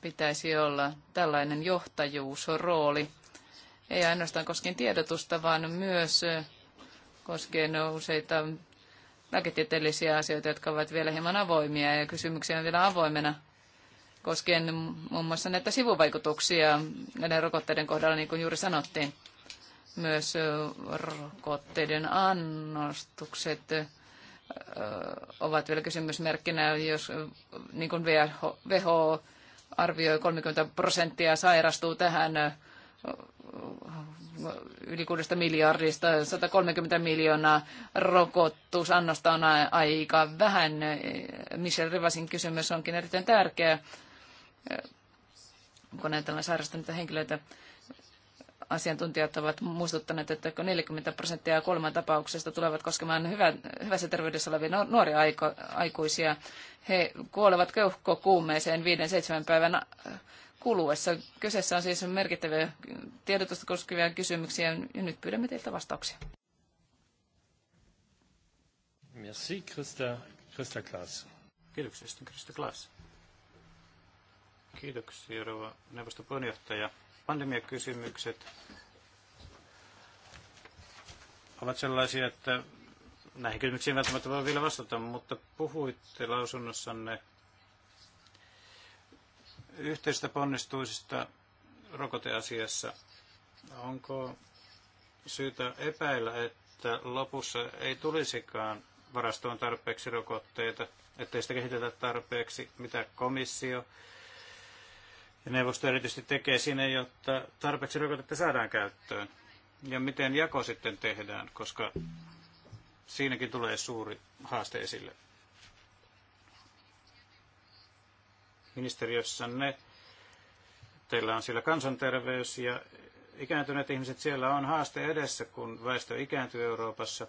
pitäisi olla tällainen johtajuusrooli. Ei ainoastaan koskien tiedotusta, vaan myös koskien useita lääketieteellisiä asioita, jotka ovat vielä hieman avoimia ja kysymyksiä on vielä avoimena koskien muun mm. muassa näitä sivuvaikutuksia näiden rokotteiden kohdalla, niin kuin juuri sanottiin. Myös rokotteiden annostukset ovat vielä kysymysmerkkinä, jos niin kuin WHO arvioi 30 prosenttia sairastuu tähän yli 6 miljardista 130 miljoonaa rokotusannosta on aika vähän. Michel Rivasin kysymys onkin erittäin tärkeä, kun ajatellaan sairastuneita henkilöitä. Asiantuntijat ovat muistuttaneet, että 40 prosenttia kolman tapauksesta tulevat koskemaan hyvä, hyvässä terveydessä olevia no- nuoria aikuisia. He kuolevat keuhkokuumeeseen 5-7 päivän kuluessa. Kyseessä on siis merkittäviä tiedotusta koskevia kysymyksiä ja nyt pyydämme teiltä vastauksia. Merci, Krista, Christa Klaas. Kiitoksia, Krista Klaas. Kiitoksia, rouva neuvoston puheenjohtaja. Pandemiakysymykset ovat sellaisia, että näihin kysymyksiin välttämättä voi vielä vastata, mutta puhuitte lausunnossanne yhteistä ponnistuisista rokoteasiassa. Onko syytä epäillä, että lopussa ei tulisikaan varastoon tarpeeksi rokotteita, ettei sitä kehitetä tarpeeksi, mitä komissio ja neuvosto erityisesti tekee sinne, jotta tarpeeksi rokotetta saadaan käyttöön. Ja miten jako sitten tehdään, koska siinäkin tulee suuri haaste esille. ministeriössänne. Teillä on siellä kansanterveys ja ikääntyneet ihmiset siellä on haaste edessä, kun väestö ikääntyy Euroopassa.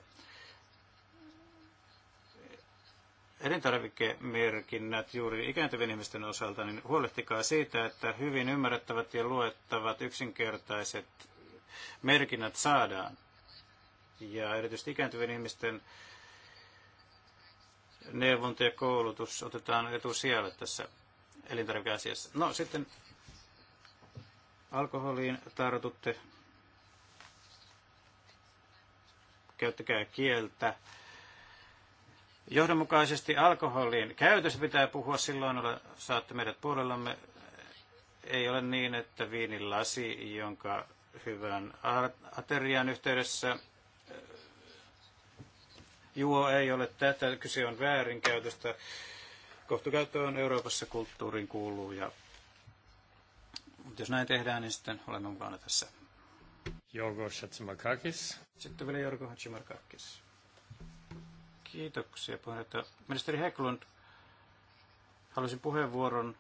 Elintarvikemerkinnät juuri ikääntyvien ihmisten osalta, niin huolehtikaa siitä, että hyvin ymmärrettävät ja luettavat yksinkertaiset merkinnät saadaan. Ja erityisesti ikääntyvien ihmisten neuvonta ja koulutus otetaan etusijalle tässä elintarvikeasiassa. No sitten alkoholiin tartutte, käyttäkää kieltä. Johdonmukaisesti alkoholin käytössä pitää puhua, silloin olla, saatte meidät puolellamme. Ei ole niin, että viinilasi, jonka hyvän aterian yhteydessä juo ei ole tätä, kyse on väärinkäytöstä kohtukäyttö on Euroopassa kulttuuriin kuuluu ja mutta jos näin tehdään, niin sitten olemme mukana tässä. Jorgo Hatsimarkakis. Sitten vielä Jorgo Hatsimarkakis. Kiitoksia puheenjohtaja. Ministeri Heklund, halusin puheenvuoron,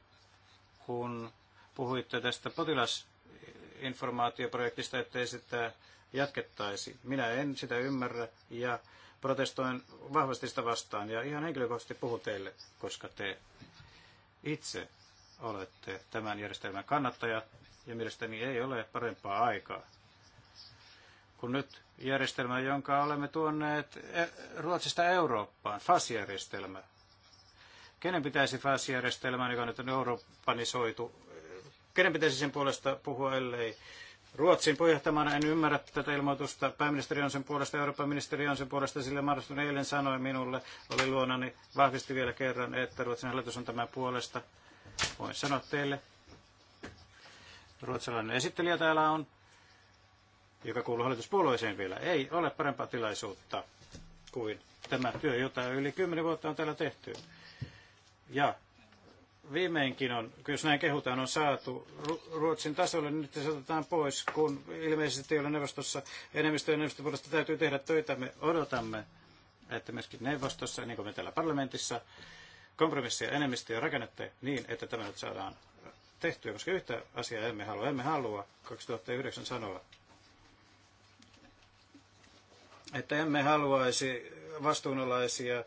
kun puhuitte tästä potilasinformaatioprojektista, ettei sitä jatkettaisi. Minä en sitä ymmärrä ja protestoin vahvasti sitä vastaan ja ihan henkilökohtaisesti puhun teille, koska te itse olette tämän järjestelmän kannattaja ja mielestäni ei ole parempaa aikaa kun nyt järjestelmä, jonka olemme tuonneet e, Ruotsista Eurooppaan, FAS-järjestelmä. Kenen pitäisi FAS-järjestelmän, joka nyt on Euroopanisoitu, e, kenen pitäisi sen puolesta puhua, ellei Ruotsin puheenjohtajamaana en ymmärrä tätä ilmoitusta. Pääministeri on sen puolesta, Euroopan ministeri on sen puolesta, sillä Marston eilen sanoi minulle, oli luonani, vahvisti vielä kerran, että Ruotsin hallitus on tämän puolesta. Voin sanoa teille. Ruotsalainen esittelijä täällä on, joka kuuluu hallituspuolueeseen vielä. Ei ole parempaa tilaisuutta kuin tämä työ, jota yli kymmenen vuotta on täällä tehty. Ja viimeinkin on, jos näin kehutaan, on saatu Ruotsin tasolle, niin nyt se otetaan pois, kun ilmeisesti ei ole neuvostossa enemmistö enemmistö puolesta täytyy tehdä töitä. Me odotamme, että myöskin neuvostossa, niin kuin me täällä parlamentissa, kompromissia enemmistöä ja rakennette niin, että tämä nyt saadaan tehtyä, koska yhtä asiaa emme halua. Emme halua 2009 sanoa, että emme haluaisi vastuunalaisia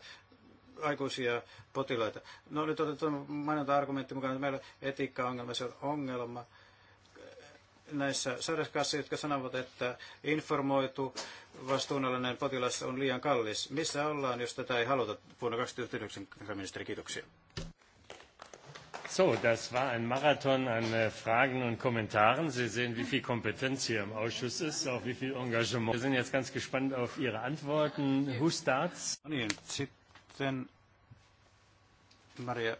aikuisia potilaita. No nyt otetaan mainonta-argumentti mukaan, että meillä etiikkaongelma, se on ongelma näissä sairauskassissa, jotka sanovat, että informoitu vastuunalainen potilas on liian kallis. Missä ollaan, jos tätä ei haluta vuonna 2009, ministeri? Kiitoksia. So, das war ein Marathon an äh, Fragen und Kommentaren. Sie sehen, wie viel Kompetenz hier im Ausschuss ist, auch wie viel Engagement. Wir sind jetzt ganz gespannt auf Ihre Antworten. Who starts? No niin, sitten Maria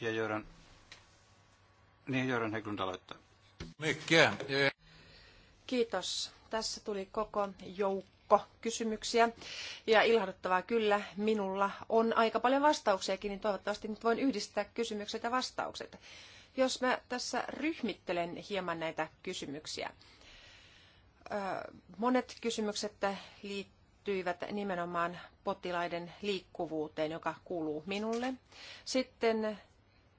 ja Göran. Niin, Göran Heglund aloittaa. Kiitos. Tässä tuli koko joukko kysymyksiä. Ja ilahduttavaa kyllä, minulla on aika paljon vastauksiakin, niin toivottavasti nyt voin yhdistää kysymykset ja vastaukset. Jos mä tässä ryhmittelen hieman näitä kysymyksiä. Monet kysymykset liittyvät liittyivät nimenomaan potilaiden liikkuvuuteen, joka kuuluu minulle. Sitten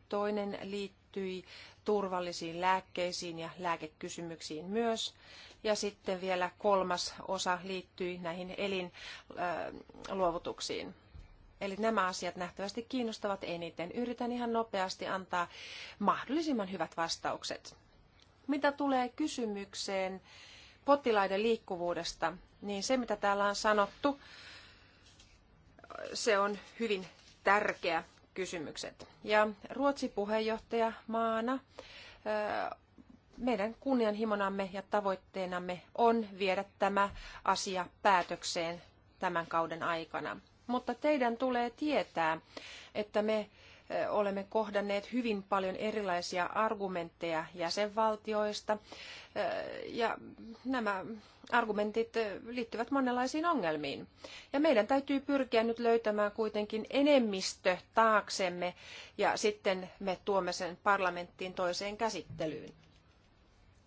toinen liittyi turvallisiin lääkkeisiin ja lääkekysymyksiin myös. Ja sitten vielä kolmas osa liittyi näihin elinluovutuksiin. Äh, Eli nämä asiat nähtävästi kiinnostavat eniten. Yritän ihan nopeasti antaa mahdollisimman hyvät vastaukset. Mitä tulee kysymykseen, potilaiden liikkuvuudesta, niin se mitä täällä on sanottu, se on hyvin tärkeä kysymykset. Ja Ruotsi puheenjohtaja maana meidän kunnianhimonamme ja tavoitteenamme on viedä tämä asia päätökseen tämän kauden aikana. Mutta teidän tulee tietää, että me olemme kohdanneet hyvin paljon erilaisia argumentteja jäsenvaltioista ja nämä argumentit liittyvät monenlaisiin ongelmiin. Ja meidän täytyy pyrkiä nyt löytämään kuitenkin enemmistö taaksemme ja sitten me tuomme sen parlamenttiin toiseen käsittelyyn.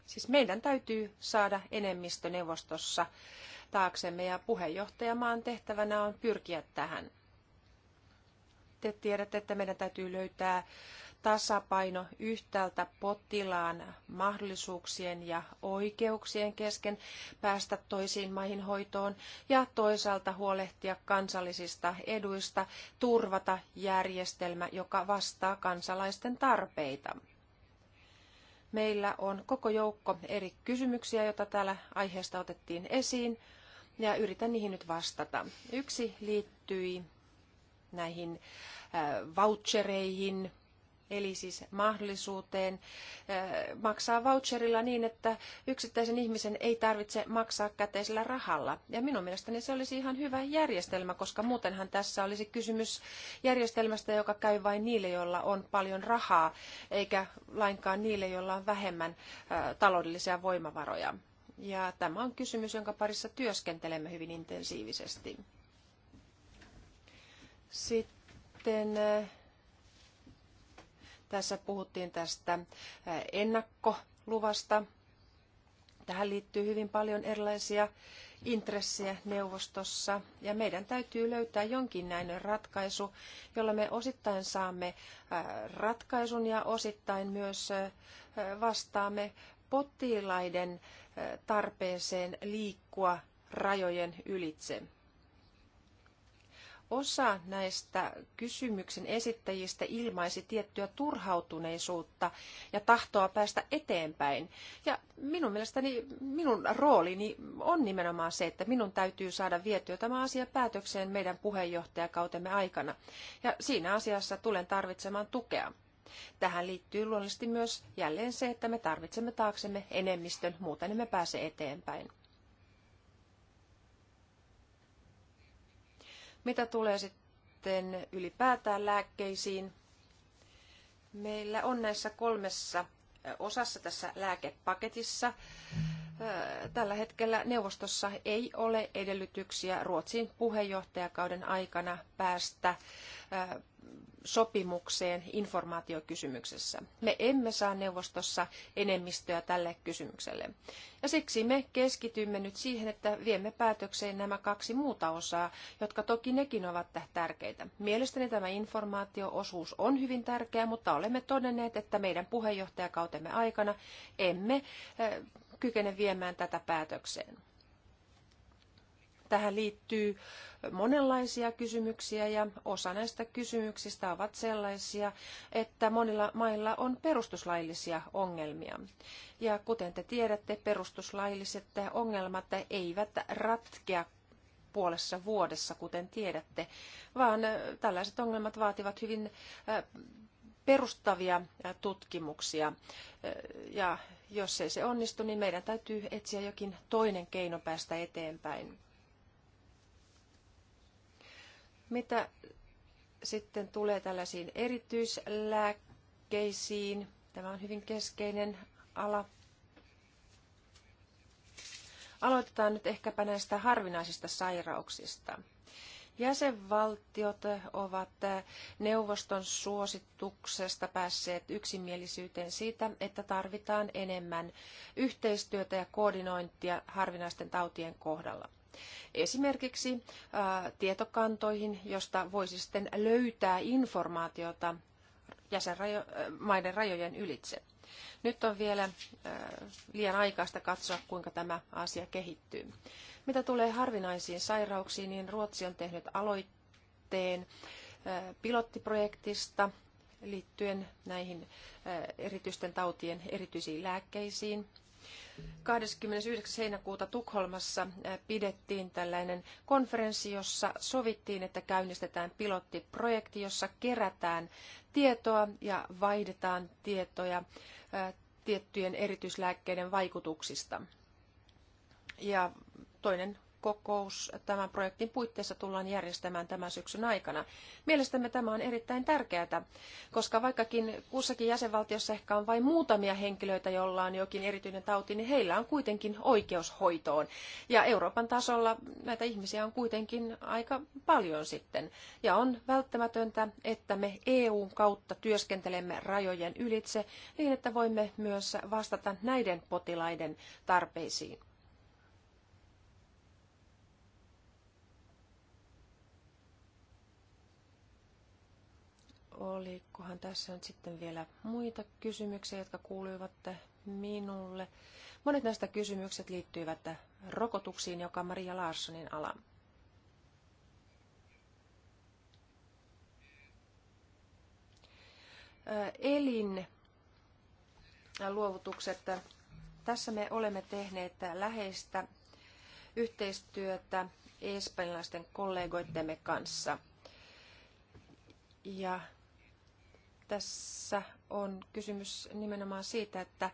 Siis meidän täytyy saada enemmistö neuvostossa taaksemme ja puheenjohtajamaan tehtävänä on pyrkiä tähän te tiedätte, että meidän täytyy löytää tasapaino yhtäältä potilaan mahdollisuuksien ja oikeuksien kesken päästä toisiin maihin hoitoon ja toisaalta huolehtia kansallisista eduista, turvata järjestelmä, joka vastaa kansalaisten tarpeita. Meillä on koko joukko eri kysymyksiä, joita täällä aiheesta otettiin esiin, ja yritän niihin nyt vastata. Yksi liittyi näihin äh, vouchereihin, eli siis mahdollisuuteen äh, maksaa voucherilla niin, että yksittäisen ihmisen ei tarvitse maksaa käteisellä rahalla. Ja minun mielestäni se olisi ihan hyvä järjestelmä, koska muutenhan tässä olisi kysymys järjestelmästä, joka käy vain niille, joilla on paljon rahaa, eikä lainkaan niille, joilla on vähemmän äh, taloudellisia voimavaroja. Ja tämä on kysymys, jonka parissa työskentelemme hyvin intensiivisesti. Sitten tässä puhuttiin tästä ennakkoluvasta. Tähän liittyy hyvin paljon erilaisia intressejä neuvostossa ja meidän täytyy löytää jonkinlainen ratkaisu, jolla me osittain saamme ratkaisun ja osittain myös vastaamme potilaiden tarpeeseen liikkua rajojen ylitse. Osa näistä kysymyksen esittäjistä ilmaisi tiettyä turhautuneisuutta ja tahtoa päästä eteenpäin. Ja minun mielestäni minun roolini on nimenomaan se, että minun täytyy saada vietyä tämä asia päätökseen meidän puheenjohtajakautemme aikana. Ja siinä asiassa tulen tarvitsemaan tukea. Tähän liittyy luonnollisesti myös jälleen se, että me tarvitsemme taaksemme enemmistön, muuten emme pääse eteenpäin. Mitä tulee sitten ylipäätään lääkkeisiin, meillä on näissä kolmessa osassa tässä lääkepaketissa tällä hetkellä neuvostossa ei ole edellytyksiä Ruotsin puheenjohtajakauden aikana päästä sopimukseen informaatiokysymyksessä. Me emme saa neuvostossa enemmistöä tälle kysymykselle. Ja siksi me keskitymme nyt siihen, että viemme päätökseen nämä kaksi muuta osaa, jotka toki nekin ovat tärkeitä. Mielestäni tämä informaatioosuus on hyvin tärkeä, mutta olemme todenneet, että meidän puheenjohtajakautemme aikana emme kykene viemään tätä päätökseen. Tähän liittyy monenlaisia kysymyksiä ja osa näistä kysymyksistä ovat sellaisia, että monilla mailla on perustuslaillisia ongelmia. Ja kuten te tiedätte, perustuslailliset ongelmat eivät ratkea puolessa vuodessa, kuten tiedätte, vaan tällaiset ongelmat vaativat hyvin perustavia tutkimuksia ja jos ei se onnistu, niin meidän täytyy etsiä jokin toinen keino päästä eteenpäin. Mitä sitten tulee tällaisiin erityislääkkeisiin, tämä on hyvin keskeinen ala. Aloitetaan nyt ehkäpä näistä harvinaisista sairauksista. Jäsenvaltiot ovat neuvoston suosituksesta päässeet yksimielisyyteen siitä, että tarvitaan enemmän yhteistyötä ja koordinointia harvinaisten tautien kohdalla. Esimerkiksi tietokantoihin, josta voisi sitten löytää informaatiota jäsenmaiden rajojen ylitse. Nyt on vielä liian aikaista katsoa, kuinka tämä asia kehittyy. Mitä tulee harvinaisiin sairauksiin, niin Ruotsi on tehnyt aloitteen pilottiprojektista liittyen näihin erityisten tautien erityisiin lääkkeisiin. 29. heinäkuuta Tukholmassa pidettiin tällainen konferenssi, jossa sovittiin, että käynnistetään pilottiprojekti, jossa kerätään tietoa ja vaihdetaan tietoja tiettyjen erityislääkkeiden vaikutuksista. Ja toinen kokous tämän projektin puitteissa tullaan järjestämään tämän syksyn aikana. Mielestämme tämä on erittäin tärkeää, koska vaikkakin kussakin jäsenvaltiossa ehkä on vain muutamia henkilöitä, joilla on jokin erityinen tauti, niin heillä on kuitenkin oikeus hoitoon. Ja Euroopan tasolla näitä ihmisiä on kuitenkin aika paljon sitten. Ja on välttämätöntä, että me EUn kautta työskentelemme rajojen ylitse niin, että voimme myös vastata näiden potilaiden tarpeisiin. olikohan tässä nyt sitten vielä muita kysymyksiä, jotka kuuluivat minulle. Monet näistä kysymykset liittyivät rokotuksiin, joka on Maria Larssonin ala. Elin luovutukset. Tässä me olemme tehneet läheistä yhteistyötä espanjalaisten kollegoittemme kanssa. Ja tässä on kysymys nimenomaan siitä, että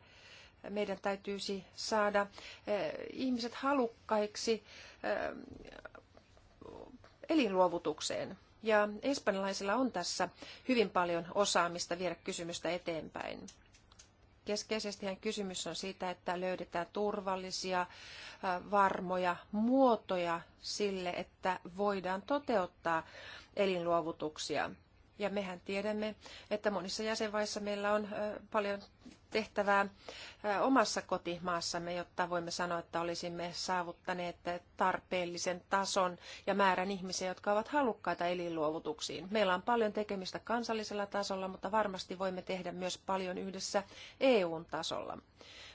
meidän täytyisi saada eh, ihmiset halukkaiksi eh, elinluovutukseen. Ja espanjalaisilla on tässä hyvin paljon osaamista viedä kysymystä eteenpäin. Keskeisesti kysymys on siitä, että löydetään turvallisia, eh, varmoja muotoja sille, että voidaan toteuttaa elinluovutuksia – ja mehän tiedämme, että monissa jäsenvaiheissa meillä on paljon tehtävää omassa kotimaassamme, jotta voimme sanoa, että olisimme saavuttaneet tarpeellisen tason ja määrän ihmisiä, jotka ovat halukkaita elinluovutuksiin. Meillä on paljon tekemistä kansallisella tasolla, mutta varmasti voimme tehdä myös paljon yhdessä eu tasolla.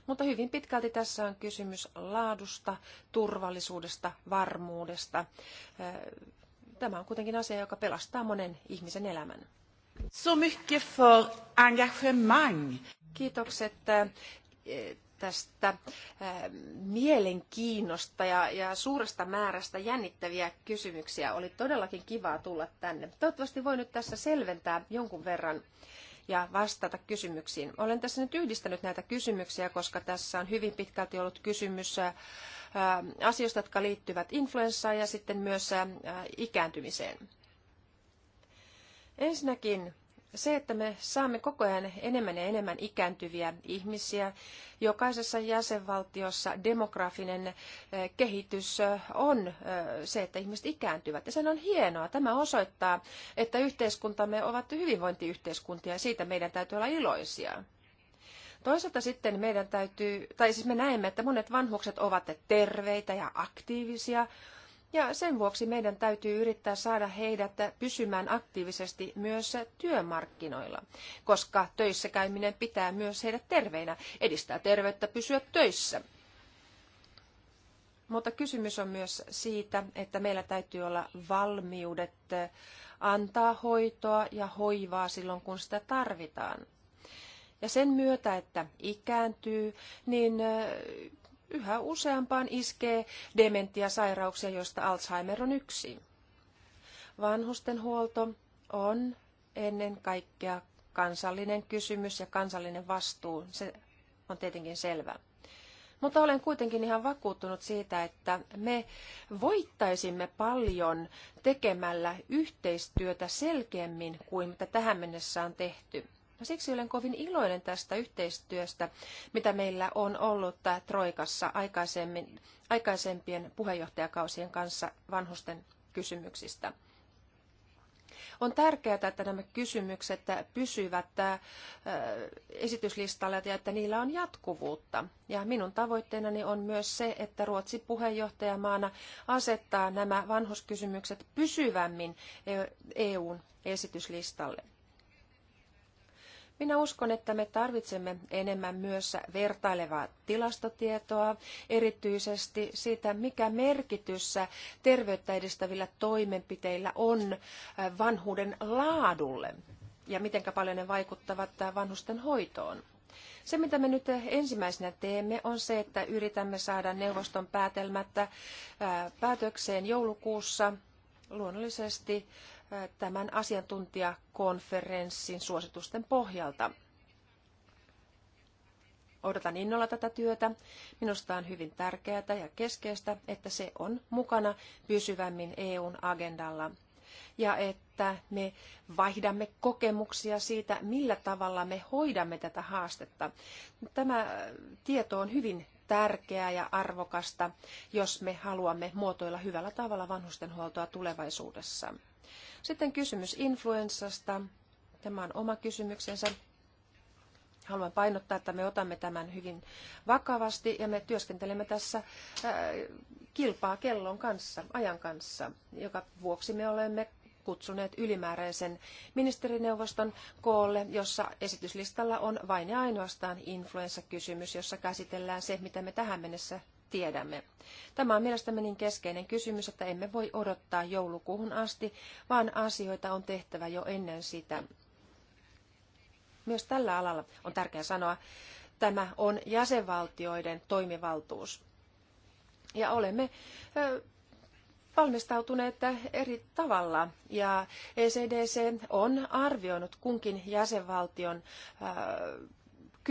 Mutta hyvin pitkälti tässä on kysymys laadusta, turvallisuudesta, varmuudesta tämä on kuitenkin asia, joka pelastaa monen ihmisen elämän. So mycket för engagemang. Kiitokset eh, tästä eh, mielenkiinnosta ja, ja suuresta määrästä jännittäviä kysymyksiä. Oli todellakin kivaa tulla tänne. Toivottavasti voin nyt tässä selventää jonkun verran ja vastata kysymyksiin. Olen tässä nyt yhdistänyt näitä kysymyksiä, koska tässä on hyvin pitkälti ollut kysymys eh, asioista, jotka liittyvät influenssaan ja sitten myös ikääntymiseen. Ensinnäkin se, että me saamme koko ajan enemmän ja enemmän ikääntyviä ihmisiä. Jokaisessa jäsenvaltiossa demografinen kehitys on se, että ihmiset ikääntyvät. Ja sen on hienoa. Tämä osoittaa, että yhteiskuntamme ovat hyvinvointiyhteiskuntia ja siitä meidän täytyy olla iloisia. Toisaalta sitten meidän täytyy, tai siis me näemme, että monet vanhukset ovat terveitä ja aktiivisia, ja sen vuoksi meidän täytyy yrittää saada heidät pysymään aktiivisesti myös työmarkkinoilla, koska töissä käyminen pitää myös heidät terveinä, edistää terveyttä pysyä töissä. Mutta kysymys on myös siitä, että meillä täytyy olla valmiudet antaa hoitoa ja hoivaa silloin, kun sitä tarvitaan. Ja sen myötä, että ikääntyy, niin yhä useampaan iskee dementia sairauksia, joista Alzheimer on yksi. Vanhustenhuolto on ennen kaikkea kansallinen kysymys ja kansallinen vastuu, se on tietenkin selvä. Mutta olen kuitenkin ihan vakuuttunut siitä, että me voittaisimme paljon tekemällä yhteistyötä selkeämmin kuin mitä tähän mennessä on tehty. No siksi olen kovin iloinen tästä yhteistyöstä, mitä meillä on ollut Troikassa aikaisemmin, aikaisempien puheenjohtajakausien kanssa vanhusten kysymyksistä. On tärkeää, että nämä kysymykset pysyvät äh, esityslistalla ja että niillä on jatkuvuutta. Ja minun tavoitteenani on myös se, että Ruotsi puheenjohtajamaana asettaa nämä vanhuskysymykset pysyvämmin EUn esityslistalle. Minä uskon, että me tarvitsemme enemmän myös vertailevaa tilastotietoa, erityisesti siitä, mikä merkitys terveyttä edistävillä toimenpiteillä on äh, vanhuuden laadulle ja miten paljon ne vaikuttavat äh, vanhusten hoitoon. Se, mitä me nyt ensimmäisenä teemme, on se, että yritämme saada neuvoston päätelmättä äh, päätökseen joulukuussa luonnollisesti tämän asiantuntijakonferenssin suositusten pohjalta. Odotan innolla tätä työtä. Minusta on hyvin tärkeää ja keskeistä, että se on mukana pysyvämmin EUn agendalla ja että me vaihdamme kokemuksia siitä, millä tavalla me hoidamme tätä haastetta. Tämä tieto on hyvin tärkeää ja arvokasta, jos me haluamme muotoilla hyvällä tavalla vanhustenhuoltoa tulevaisuudessa. Sitten kysymys influenssasta. Tämä on oma kysymyksensä. Haluan painottaa, että me otamme tämän hyvin vakavasti ja me työskentelemme tässä äh, kilpaa kellon kanssa, ajan kanssa, joka vuoksi me olemme kutsuneet ylimääräisen ministerineuvoston koolle, jossa esityslistalla on vain ja ainoastaan influenssakysymys, jossa käsitellään se, mitä me tähän mennessä tiedämme. Tämä on mielestäni niin keskeinen kysymys, että emme voi odottaa joulukuuhun asti, vaan asioita on tehtävä jo ennen sitä. Myös tällä alalla on tärkeää sanoa, tämä on jäsenvaltioiden toimivaltuus. Ja olemme valmistautuneet eri tavalla ja ECDC on arvioinut kunkin jäsenvaltion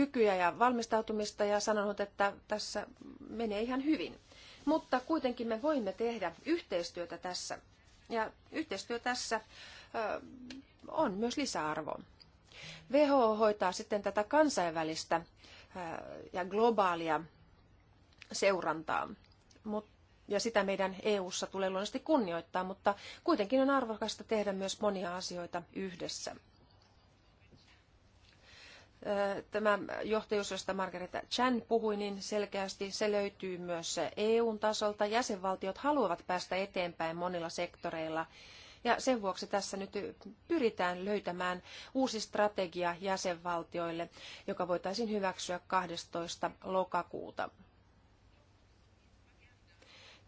kykyjä ja valmistautumista ja sanonut, että tässä menee ihan hyvin. Mutta kuitenkin me voimme tehdä yhteistyötä tässä. Ja yhteistyö tässä on myös lisäarvo. WHO hoitaa sitten tätä kansainvälistä ja globaalia seurantaa. ja sitä meidän EU-ssa tulee luonnollisesti kunnioittaa, mutta kuitenkin on arvokasta tehdä myös monia asioita yhdessä. Tämä johtajuus, josta Margareta Chan puhui, niin selkeästi se löytyy myös EU-tasolta. Jäsenvaltiot haluavat päästä eteenpäin monilla sektoreilla. Ja sen vuoksi tässä nyt pyritään löytämään uusi strategia jäsenvaltioille, joka voitaisiin hyväksyä 12. lokakuuta.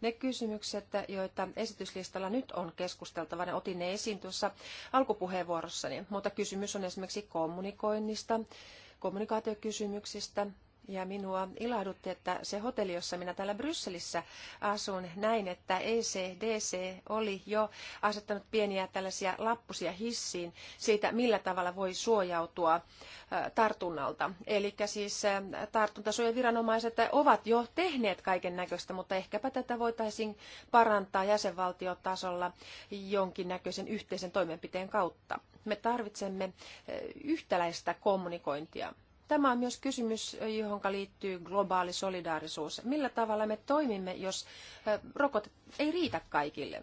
Ne kysymykset, joita esityslistalla nyt on keskusteltava, ne otin ne esiin tuossa alkupuheenvuorossani, mutta kysymys on esimerkiksi kommunikoinnista, kommunikaatiokysymyksistä, ja minua ilahdutti, että se hotelli, jossa minä täällä Brysselissä asun, näin, että ECDC oli jo asettanut pieniä tällaisia lappusia hissiin siitä, millä tavalla voi suojautua tartunnalta. Eli siis tartuntasuojaviranomaiset ovat jo tehneet kaiken näköistä, mutta ehkäpä tätä voitaisiin parantaa jäsenvaltiotasolla jonkinnäköisen yhteisen toimenpiteen kautta. Me tarvitsemme yhtäläistä kommunikointia Tämä on myös kysymys, johon liittyy globaali solidaarisuus. Millä tavalla me toimimme, jos rokote ei riitä kaikille?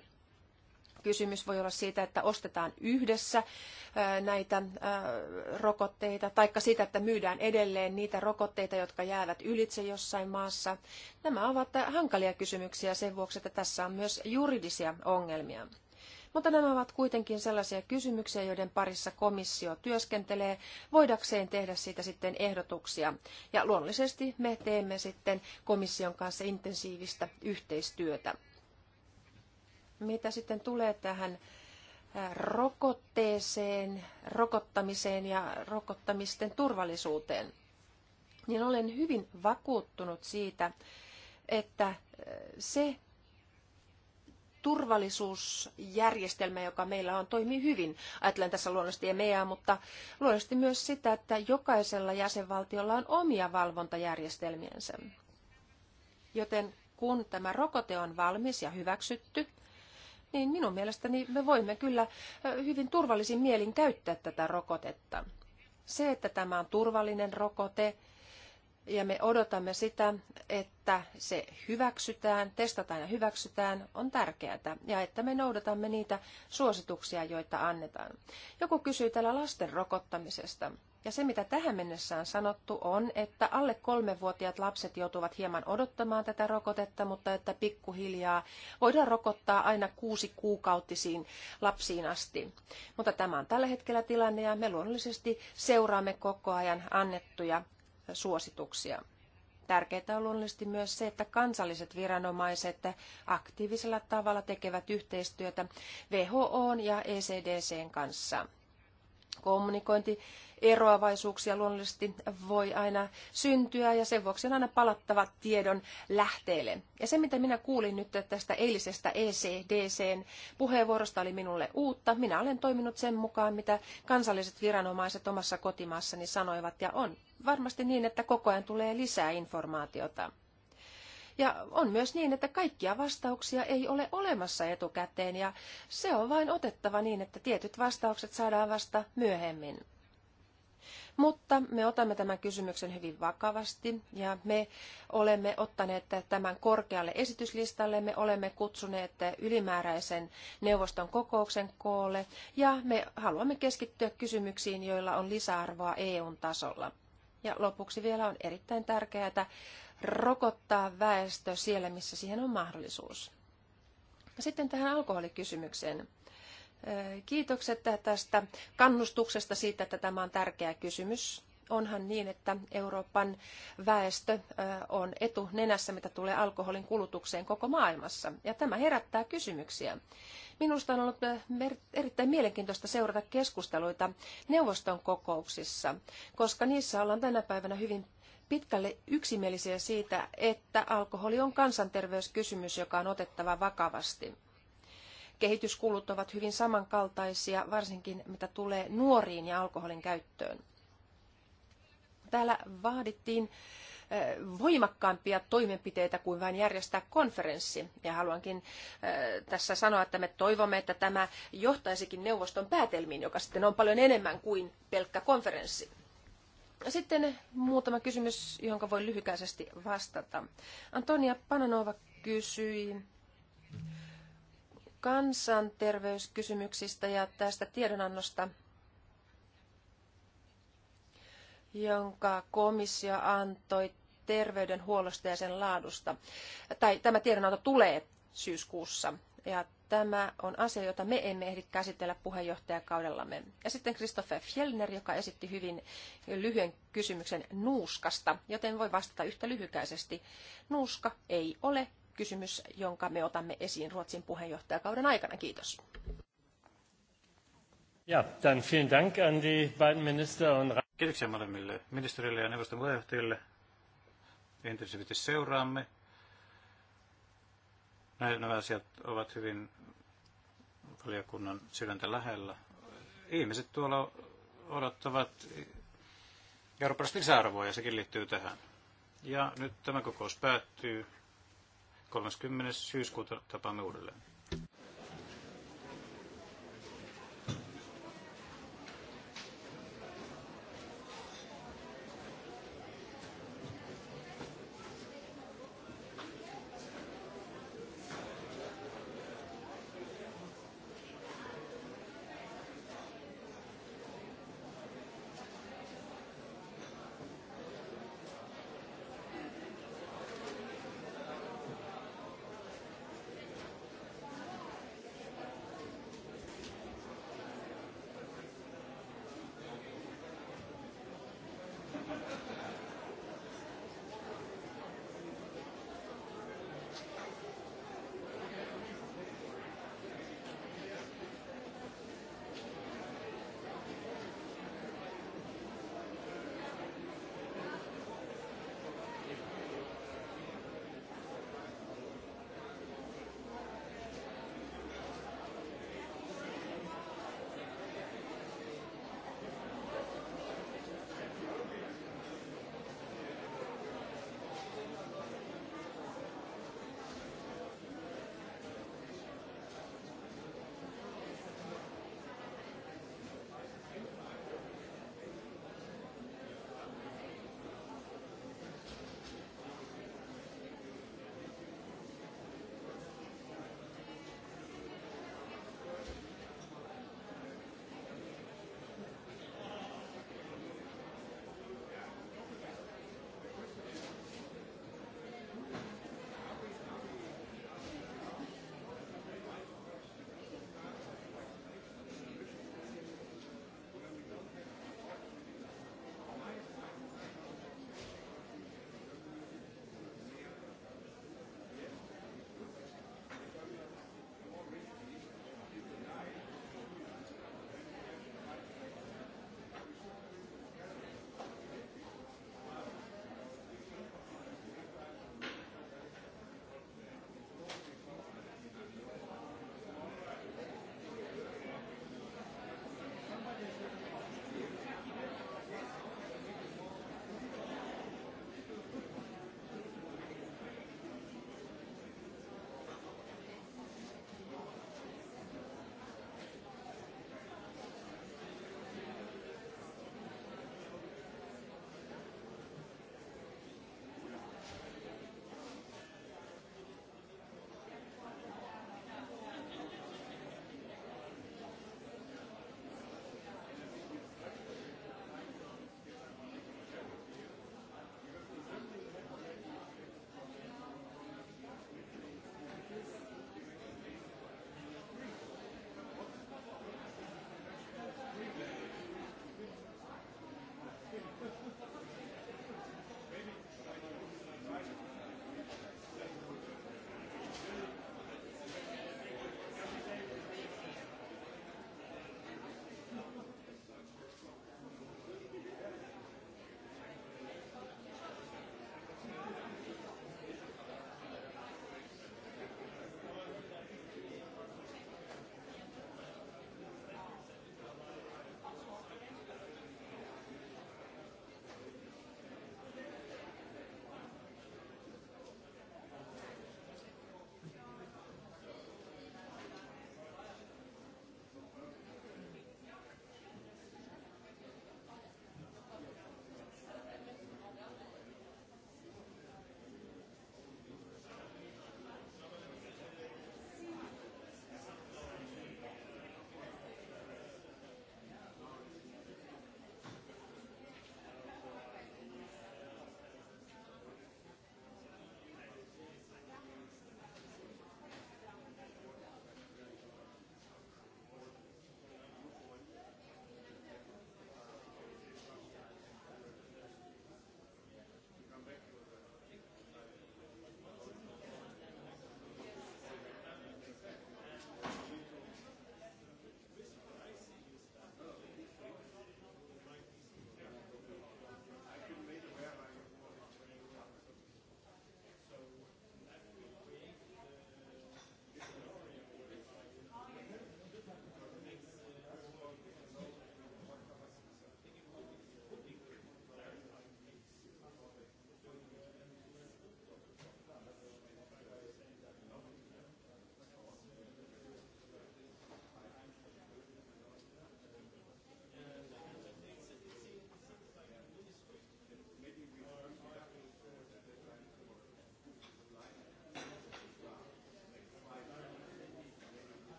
Kysymys voi olla siitä, että ostetaan yhdessä näitä rokotteita, taikka siitä, että myydään edelleen niitä rokotteita, jotka jäävät ylitse jossain maassa. Nämä ovat hankalia kysymyksiä sen vuoksi, että tässä on myös juridisia ongelmia. Mutta nämä ovat kuitenkin sellaisia kysymyksiä, joiden parissa komissio työskentelee, voidakseen tehdä siitä sitten ehdotuksia. Ja luonnollisesti me teemme sitten komission kanssa intensiivistä yhteistyötä. Mitä sitten tulee tähän rokotteeseen, rokottamiseen ja rokottamisten turvallisuuteen, niin olen hyvin vakuuttunut siitä, että se, turvallisuusjärjestelmä, joka meillä on, toimii hyvin. Ajattelen tässä luonnollisesti EMEA, mutta luonnollisesti myös sitä, että jokaisella jäsenvaltiolla on omia valvontajärjestelmiensä. Joten kun tämä rokote on valmis ja hyväksytty, niin minun mielestäni me voimme kyllä hyvin turvallisin mielin käyttää tätä rokotetta. Se, että tämä on turvallinen rokote, ja me odotamme sitä, että se hyväksytään, testataan ja hyväksytään, on tärkeää, ja että me noudatamme niitä suosituksia, joita annetaan. Joku kysyy täällä lasten rokottamisesta. Ja se, mitä tähän mennessä on sanottu, on, että alle kolmevuotiaat lapset joutuvat hieman odottamaan tätä rokotetta, mutta että pikkuhiljaa voidaan rokottaa aina kuusi kuukautisiin lapsiin asti. Mutta tämä on tällä hetkellä tilanne ja me luonnollisesti seuraamme koko ajan annettuja suosituksia. Tärkeää on luonnollisesti myös se, että kansalliset viranomaiset aktiivisella tavalla tekevät yhteistyötä WHO ja ECDCn kanssa kommunikointi eroavaisuuksia luonnollisesti voi aina syntyä ja sen vuoksi on aina palattava tiedon lähteelle. Ja se, mitä minä kuulin nyt tästä eilisestä ECDCn puheenvuorosta, oli minulle uutta. Minä olen toiminut sen mukaan, mitä kansalliset viranomaiset omassa kotimaassani sanoivat ja on varmasti niin, että koko ajan tulee lisää informaatiota. Ja on myös niin, että kaikkia vastauksia ei ole olemassa etukäteen ja se on vain otettava niin, että tietyt vastaukset saadaan vasta myöhemmin. Mutta me otamme tämän kysymyksen hyvin vakavasti ja me olemme ottaneet tämän korkealle esityslistalle. Me olemme kutsuneet ylimääräisen neuvoston kokouksen koolle ja me haluamme keskittyä kysymyksiin, joilla on lisäarvoa EUn tasolla. Ja lopuksi vielä on erittäin tärkeää että rokottaa väestö siellä, missä siihen on mahdollisuus. Sitten tähän alkoholikysymykseen. Kiitokset tästä kannustuksesta siitä, että tämä on tärkeä kysymys. Onhan niin, että Euroopan väestö on etunenässä, mitä tulee alkoholin kulutukseen koko maailmassa. Ja tämä herättää kysymyksiä. Minusta on ollut erittäin mielenkiintoista seurata keskusteluita neuvoston kokouksissa, koska niissä ollaan tänä päivänä hyvin pitkälle yksimielisiä siitä, että alkoholi on kansanterveyskysymys, joka on otettava vakavasti. Kehityskulut ovat hyvin samankaltaisia, varsinkin mitä tulee nuoriin ja alkoholin käyttöön. Täällä vaadittiin eh, voimakkaampia toimenpiteitä kuin vain järjestää konferenssi. Ja haluankin eh, tässä sanoa, että me toivomme, että tämä johtaisikin neuvoston päätelmiin, joka sitten on paljon enemmän kuin pelkkä konferenssi. Sitten muutama kysymys, jonka voi lyhykäisesti vastata. Antonia Pananova kysyi kansanterveyskysymyksistä ja tästä tiedonannosta, jonka komissio antoi terveydenhuollosta ja sen laadusta. Tai tämä tiedonanto tulee syyskuussa ja tämä on asia, jota me emme ehdi käsitellä puheenjohtajakaudellamme. Ja sitten Christophe Fjellner, joka esitti hyvin lyhyen kysymyksen nuuskasta, joten voi vastata yhtä lyhykäisesti. Nuuska ei ole kysymys, jonka me otamme esiin Ruotsin puheenjohtajakauden aikana. Kiitos. Ja, dann vielen Dank an die beiden Minister und Kiitoksia molemmille ministerille ja neuvoston puheenjohtajille. Intensiivisesti seuraamme Nämä asiat ovat hyvin valiokunnan sydäntä lähellä. Ihmiset tuolla odottavat Euroopan lisäarvoa ja sekin liittyy tähän. Ja nyt tämä kokous päättyy. 30. syyskuuta tapaamme uudelleen.